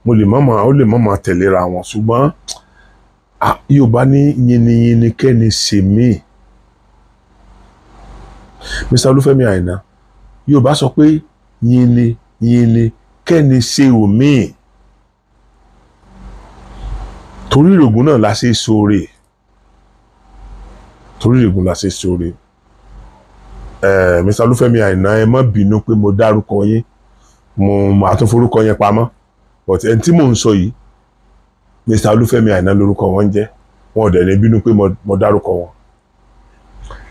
mo lè mọ̀ mọ̀ ó lè mọ̀ mọ̀ tẹ̀léra wọn ṣùgbọ́n yorùbá ní yinniyinni kẹ́ni ṣe mí mr olúfẹ́mi àyìnà yorùbá sọ pé yinni yinni kẹ́ni ṣe omi torí ìrògùn náà la ṣe sóore torí ìrògùn la ṣe sóore mr olúfẹ́mi àyìnà ẹ má bínú pé mo dárúkọ yín mo àtúnforúkọ yẹn pamọ́ but ẹni tí mò ń sọ yìí Mr. Olúfẹ́mi Àìná lórúkọ wọn ń jẹ́ wọn ò dẹ̀ ní bínú pé mo dárúkọ wọn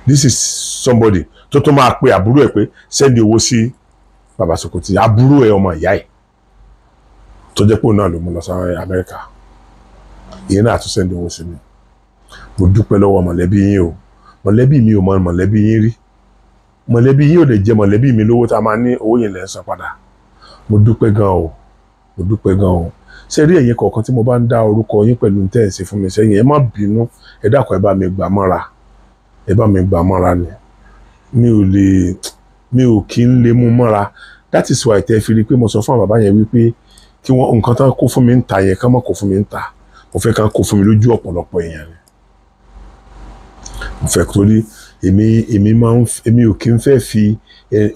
this is somebody tó tó máa pe àbúrò ẹ̀ pé sẹ́ndì owó sí bàbá Sokoti àbúrò ẹ̀ ọmọ ìyá ẹ̀ tó jẹ́ pé òun náà ló mú lọ sí Amẹ́ríkà ìyẹn náà tún sẹ́ndì owó sí mi mo dúpẹ́ lọ́wọ́ mọ̀lẹ́bí yín o mọ̀lẹ́bí mi ò mọ mọ̀lẹ́bí yín rí mọ̀lẹ́bí yín ò lè jẹ mọ̀lẹ́bí mi lówó tá a máa ní owó yẹn lẹ́ san padà mo dúpẹ́ gan o mo dúpẹ́ gan o ṣe rí ẹ̀yin kọ̀ọ̀kan tí mo bá ń dá orúkọ yín pẹ̀lú ní tẹ́ǹsì fún mi sẹ́yìn ẹ má bínú ẹ dákun ẹ bá mi gbà mọ́ra ẹ bá mi gbà mọ́ra ni mi ò lè mi ò kí ń lè mú mọ́ra that is why tẹ́ fi rí i pé mo sọ fún àwọn bàbá yẹn wípé kí wọ́n nǹkan tán kó fún mi ń ta yẹn kán mọ̀ kó fún mi ń ta mo fẹ́ kán kó fún mi lójú ọ̀pọ̀lọpọ̀ èèyàn ni mo fẹ́ torí èmi èmi máa ń èmi ò kí ń fẹ́ fi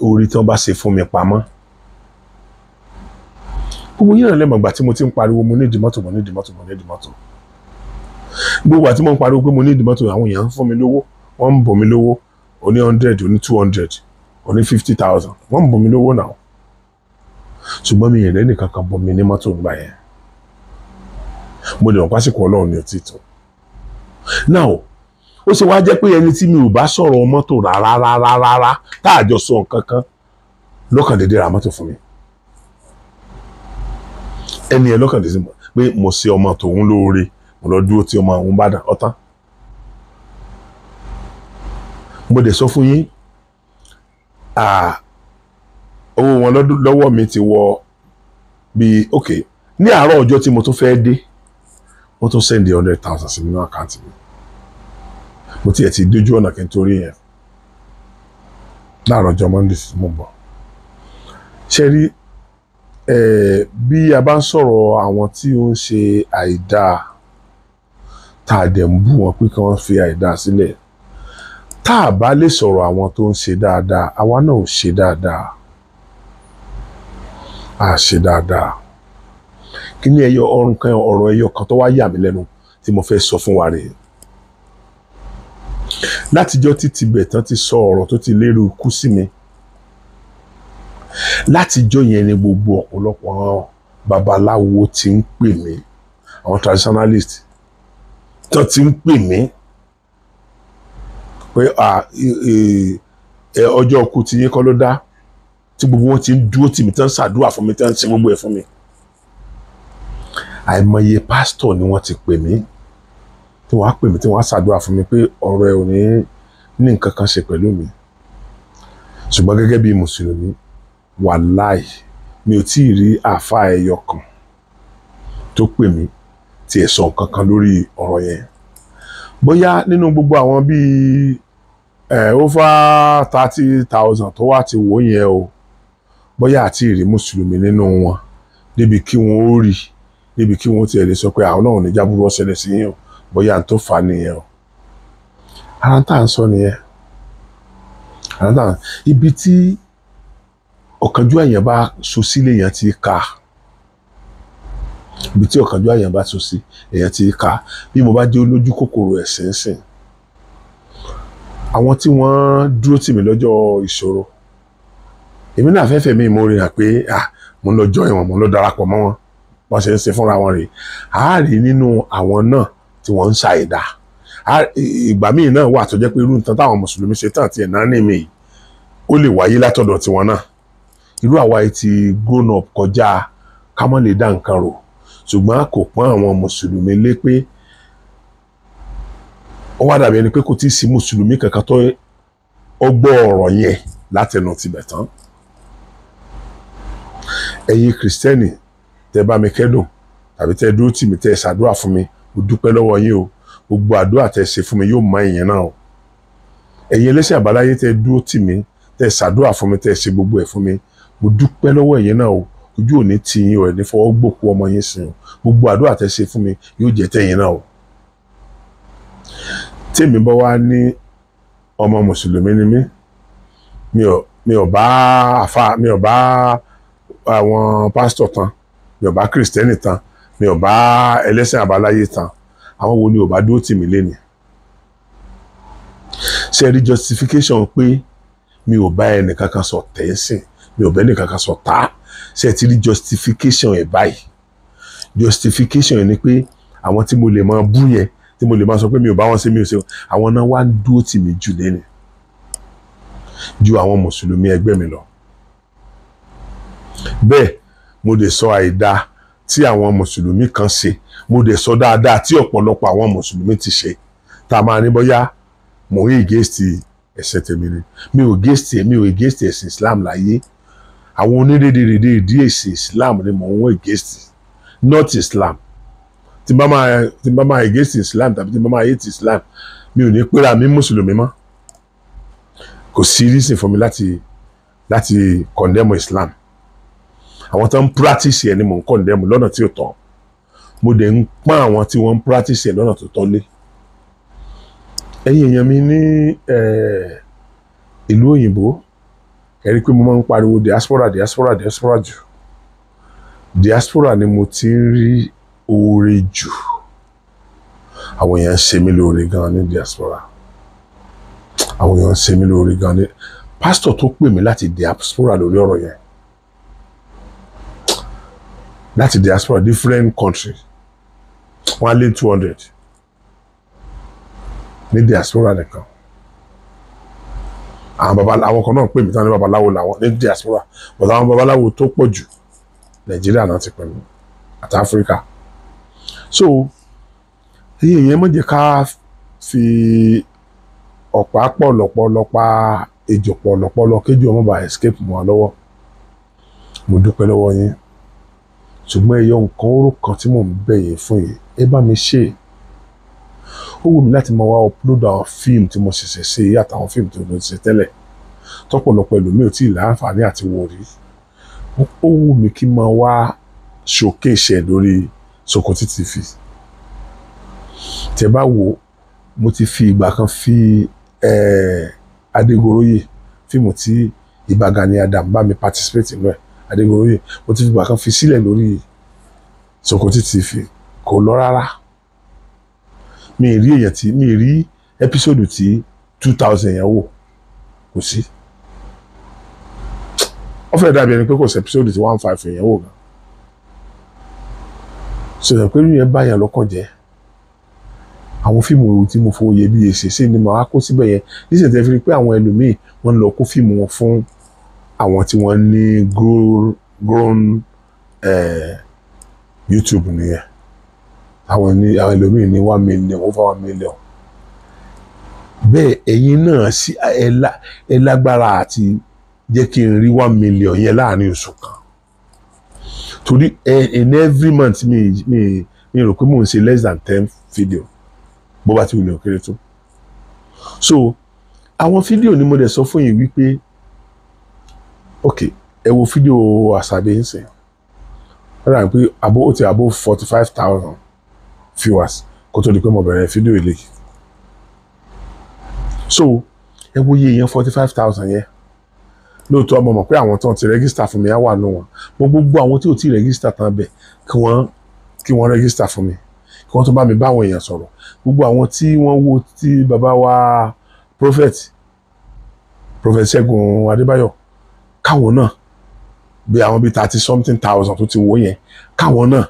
orí tán bá ṣe fún mi pamọ́ gbogbo yín náà lẹ́mọ̀gbà tí mo ti ń pariwo mo ní ìdìmọ́tò mo ní ìdìmọ́tò mo ní ìdìmọ́tò gbogbo àti mo ń pariwo pé mo ní ìdìmọ́tò àwọn èèyàn ń fún mi lówó wọ́n ń bọ̀ mí lówó oní hundred oní two hundred oní fifty thousand wọ́n ń bọ̀ mí lówó náà ṣùgbọ́n mi ìrẹ́ nìkan kan bọ̀ ní mọ́tò yẹn mo lè mi ò bá sọ̀rọ̀ mọ́tò rárá rárá rárá tá ẹni ẹ lọ́kàn dé sí pé mo ṣe ọmọ tòun lóore mo lọ dúró tí ọmọ àwọn bá dà ọ̀tán mo dẹ̀ sọ fún yín owó wọn lọ́wọ́ mi ti wọ bíi ok ní àárọ̀ ọjọ́ tí mo tún fẹ́ dé wọ́n tún sẹ́ndì hundred thousand sí nínú àkáǹtì mi mo tiẹ̀ ti dójú ọ̀nà kí n torí yẹn láàárọ̀ ọjọ́ monday mo bọ̀ ṣe rí Eh, bí a bá ń sọ̀rọ̀ àwọn tí ó ń ṣe àìdáa tá a dẹ̀ ń bú wọn pé kí wọ́n fi àìdáa sílẹ̀ tá a bá lè sọ̀rọ̀ àwọn tó ń ṣe dáadáa àwa náà ò ṣe dáadáa a ṣe dáadáa kí ni ẹyọ ọrùn kan ọ̀rọ̀ ẹyọ kan tó wá yà mí lẹ́nu tí mo fẹ́ sọ fún wa rèé látijọ́ tí Tibetan ti sọ ọ̀rọ̀ tó ti lérò ikú sí mi látijọ́ yẹn ni gbogbo ọ̀pọ̀lọpọ̀ àwọn babaláwo ti ń pè mí àwọn traditionalist tó ti ń pè mí pé ọjọ́ ọkù ti yín kọ́ ló dá tí gbogbo wọn ti ń dúró tì mí tán ṣàdúrà fún mi tán ṣe gbogbo ẹ̀ fún mi àìmọye pásítọ̀ ni wọ́n ti pè mí tí wọ́n á pè mí tí wọ́n á ṣàdúrà fún mi pé ọ̀rọ̀ ẹ̀ ò ní ní nǹkan kan ṣe pẹ̀lú mi ṣùgbọ́n gẹ́gẹ́ bí mùsùlùmí wàláì mi ò tí ì rí àáfà ẹyọ kan tó pè mí tí ẹ̀ sọ nǹkan kan lórí ọ̀rọ̀ yẹn bóyá nínú gbogbo àwọn bíi ẹ over thirty thousand tó wá ti wò yẹn o bóyá àti ìrí mùsùlùmí nínú wọn débi kí wọn ó rí débi kí wọn ó tiẹ̀ lè sọ pé àwọn náà ní jábúrú ọ̀sẹ̀lẹ̀ sí yẹn o bóyá n tó fà á nìyẹn o ara tá à ń sọ nìyẹn ara tá à ń ibi tí ọ̀kánjúwà èèyàn bá so sí lèèyàn ti kà ibi tí ọ̀kánjúwà èèyàn bá so sí èèyàn ti kà bí mo bá jẹ́ olójú kòkòrò ẹ̀sìn sìn àwọn tí wọ́n dúró tì mí lọ́jọ́ ìṣòro èmi náà fẹ́fẹ́ mi mo rìn pé ah mo ń lọ jọ ìwọ̀n mo ń lọ darapọ̀ mọ́ wọn wọ́n ṣe ń ṣe fúnra wọn rè àárí nínú àwọn náà tí wọ́n ń ṣàìdá ìgbà míì náà wà tó jẹ́ pé irú nǹkan táwọn mùsùlùmí ṣe tán àti ẹ̀nà ní mi ó lè wáyé látọ̀dọ̀ tiwọn náà irú àwa yìí ti grown up kọjá ká mọ́ lè dá nǹkan rò ṣùgbọ́n kò pọ́n àwọn mùsùlùmí lé pé ó wá dàbí ẹni pé kò tí ì sí mùsùlùmí kankan tó ó gbọ́ ọ̀rọ̀ yẹn látẹnu tibẹ̀ tán ẹ̀yin kìrìsìtẹ́nì tẹ́ bá mi kẹ́dùn tàbí tẹ́ dúró tì mí tẹ́ ṣàdúrà fún mi mo dúpẹ́ lọ́wọ́ yín o gbogbo àdúrà tẹ́ ṣe fún mi yóò mọ ìyẹn náà o ẹ̀yin ẹlẹ́sìn àbáláyé tẹ́ dúró tì mí tẹ́ ṣàdúrà fún mi tẹ́ ṣe gbogbo ẹ̀ fún mi mo dúpẹ́ lọ́wọ́ ẹ̀yin náà o ojú òní ti yín o ẹ̀ ní fọwọ́ gbòkú ọmọ yín sìn o gbogbo àdúrà tẹ́ ṣe fún mi yóò jẹ́ tẹ̀yin náà o. tèmi bá wá ní ọmọ mùsùlùmí ni mí mi ò bá àfa mi ò bá àwọn pásítọ̀ tán mi ò bá kìrìsìtẹ́nì tán mi ò bá ẹlẹ́sìn àbáláyé tán àwọn wo ni ò bá dúró tì mí lẹ́nìí ṣe rí justification pé mi ò bá ẹnì kankan sọ tẹ́sìn mi ò bẹ́ẹ̀ nìkan kan sọ tá ṣe ti rí justification ẹ̀ báyìí justification ẹ̀ ni pé àwọn tí mo lè máa bú yẹn tí mo lè máa sọ pé mi ò bá wọn ṣe mi ò ṣe àwọn náà wá ń dúró tì mí jù lẹ́nu ju àwọn mùsùlùmí ẹgbẹ́ mi lọ bẹ́ẹ̀ mo lè sọ àìda tí àwọn mùsùlùmí kan ṣe mo lè sọ dáadáa tí ọ̀pọ̀lọpọ̀ àwọn mùsùlùmí ti ṣe tá a máa ní bóyá mò ń against ẹ̀sìn tèmi ni mi ò against mi ò against ẹ̀sìn Islam láyé. Like àwọn onídèédèédè ìdí èsì Islam ni mò ń wọ against not Islam tí n bá máa tí n Islam tàbí tí n bá máa hate Islam mi ò ní pera mi mùsùlùmí mọ́ kò sí reason fún mi láti láti condemn Islam àwọn tó ń practice ẹ̀ ni mò ń condemn lọ́nà tí ò tọ́ mo dẹ̀ ń pọ́n àwọn tí wọ́n ń practice ẹ̀ lọ́nà tó tọ́ lé ẹ̀yin èèyàn mi ní eh, ìlú òyìnbó ẹ̀rí pé mo máa ń pariwo diaspora diaspora diaspora jù diaspora ni mo ti ń rí oore jù àwọn èèyàn ń ṣe mí lóore gan ní diaspora àwọn èèyàn ń ṣe mí lóore gan ní pásítọ̀ tó pè mí láti diaspora lórí ọ̀rọ̀ yẹn láti diaspora different country wọ́n á lé two hundred ní diaspora nìkan àwọn babaláwo kan náà pè mí tán ní babaláwo làwọn ní diaspora but àwọn babaláwo tó pọ̀ jù nàìjíríà náà ti pè mí àti áfíríkà so iye yẹn mọ̀ jẹ́ ká fi ọ̀pá pọ̀ lọ́pọ̀lọpá ejò pọ̀ lọ́pọ̀lọ kéjì ọmọ bá escape mọ́ lọ́wọ́ mo dúpẹ́ lọ́wọ́ yín ṣùgbọ́n ẹ̀yọ nǹkan oró kan tí mò ń bẹ̀yẹ̀ fún yìí ẹ bá mi ṣe é ó wù mí láti máa wá upload àwọn fíìmù tí mo ṣẹ̀ṣẹ̀ ṣe èyí àtàwọn fíìmù tí mo ti ṣe tẹ́lẹ̀ tọ́pọ̀lọpọ̀ ẹlòmíì ò tí ì láǹfààní àti wò rí ó wù mí kí n máa wá showcase lórí Sokoti TV tẹ́ bá wò mo ti fi ìgbà kan fi Adégoróyè fíìmù tí Ìbà Gani Adam bá mi participate nínú ẹ̀ Adégoróyè mo ti fi ìgbà kan fi sílẹ̀ lórí Sokoti TV kò lọ rárá mi rí èyàn tí mi rí ẹ́písòdù tí two thousand yẹn wò kò sí wọ́n fẹ́ẹ́ dàbí ẹni pé kò sí ẹ́písòdù tí one five yẹn wò gan sọ̀rọ̀ pé yẹn bá yẹn lọ́kàn jẹ́ àwọn fíìmù ewu tí mo fowó iyebíye ṣe ṣe ni màá kó síbẹ̀ yẹn níṣẹ́ tẹ́ fi rí pé àwọn ẹlòmíì wọ́n lọ kó fíìmù wọn fún àwọn tí wọ́n ní grown uh, YouTube nìyẹn àwọn ní àwọn ẹlòmíì ní one million over one million bẹ́ẹ̀ ẹ̀yin náà sí ẹ lágbára àti jẹ́ kí n rí one million yẹn láàrin oṣù kan torí in every month mi mi mi rò pé mò ń ṣe less than ten video bó bá ti wù ní òkèrè tó so àwọn fídíò ni mo dẹ̀ sọ fún yín wípé ok ẹ wo fídíò àṣàbẹ̀ ń sìn ó dàbí pé àbó ó ti àbó forty five thousand viewers kó tó di pé mo fídíò ilé so ẹ wo iye yẹn forty five thousand yẹn lóòótọ́ mo mọ̀ pé àwọn tán ti rẹ́gísítà fún mi á wà nù wọn mo gbogbo àwọn tí ò tí rẹ́gísítà tán bẹ̀ kí wọ́n kí wọ́n rẹ́gísítà fún mi kí wọ́n tó bá mi bá àwọn èèyàn sọ̀rọ̀ gbogbo àwọn tí wọ́n wo tí baba wa prophet prophet Ṣẹ́gun Adébáyọ̀ káwọn náà bí àwọn bíi thirty something thousand tó ti wò yẹn káwọn náà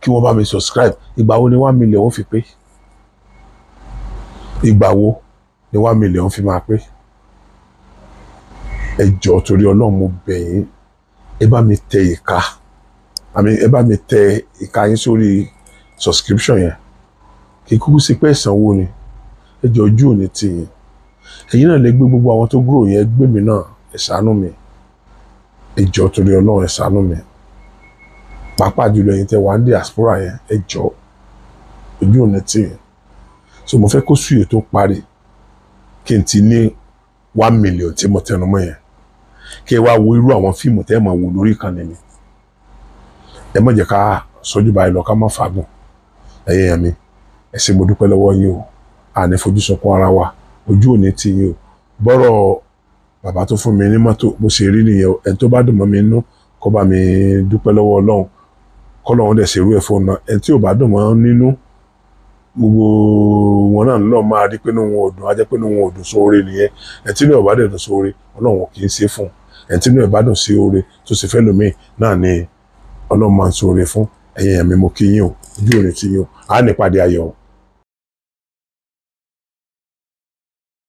kí wọ́n bá mi subscribe ìgbà wo ni one million ó fi pé ìgbà wo ni one million fi máa pé ẹ jọ̀ọ́ torí Ọlọ́run mo bẹ̀ yín ẹ bá mi tẹ ìka àmì ẹ bá mi tẹ ìka yín sórí subscription yẹn kì í kúkú sí pé ìsanwó ni ẹ jọ̀ọ́ ojú òní tì yín ẹ̀yin náà lè gbé gbogbo àwọn tó gúrò yẹn gbé mi náà ẹ ṣàánú mi ẹ torí Ọlọ́run ẹ ṣàánú mi pàápàá jùlọ ẹ̀yin tẹ́ wà ní diaspora yẹn ẹ jọ ojú òní tì yẹn so mo fẹ́ kó sùúyè tó parí kí n ti ní one million tí mo tẹnu mọ́ yẹn kí ẹ wá wo irú àwọn fíìmù tẹ́ ẹ máa wò lórí ìkànnì mi ẹ má jẹ́ ká sọ́jú báyìí lọ ká má fagùn ẹ̀yin èèyàn mi ẹ ṣé mo dúpẹ́ lọ́wọ́ yín o àní fojú sunkún ara wa ojú òní tì yín o bọ́rọ̀ bàbá tó fún mi ní mọ́tò bó ṣe rí nìyẹn o ẹni tó bá dùn mọ́ mi nú kó bá mi dúpẹ́ lọ́wọ́ ọlọ́run kọ́lọ́run dẹ̀ ṣerú ẹ̀ fún ọ ẹ tí ò bá dùn mọ́ nínú gbogbo wọn náà lọ́ọ́ máa rí pé níwọ̀n ọdún ajẹ́ pé níwọ̀n ọdún sóore nìyẹn ẹ tí dẹ̀ dùn sóore fún tí sí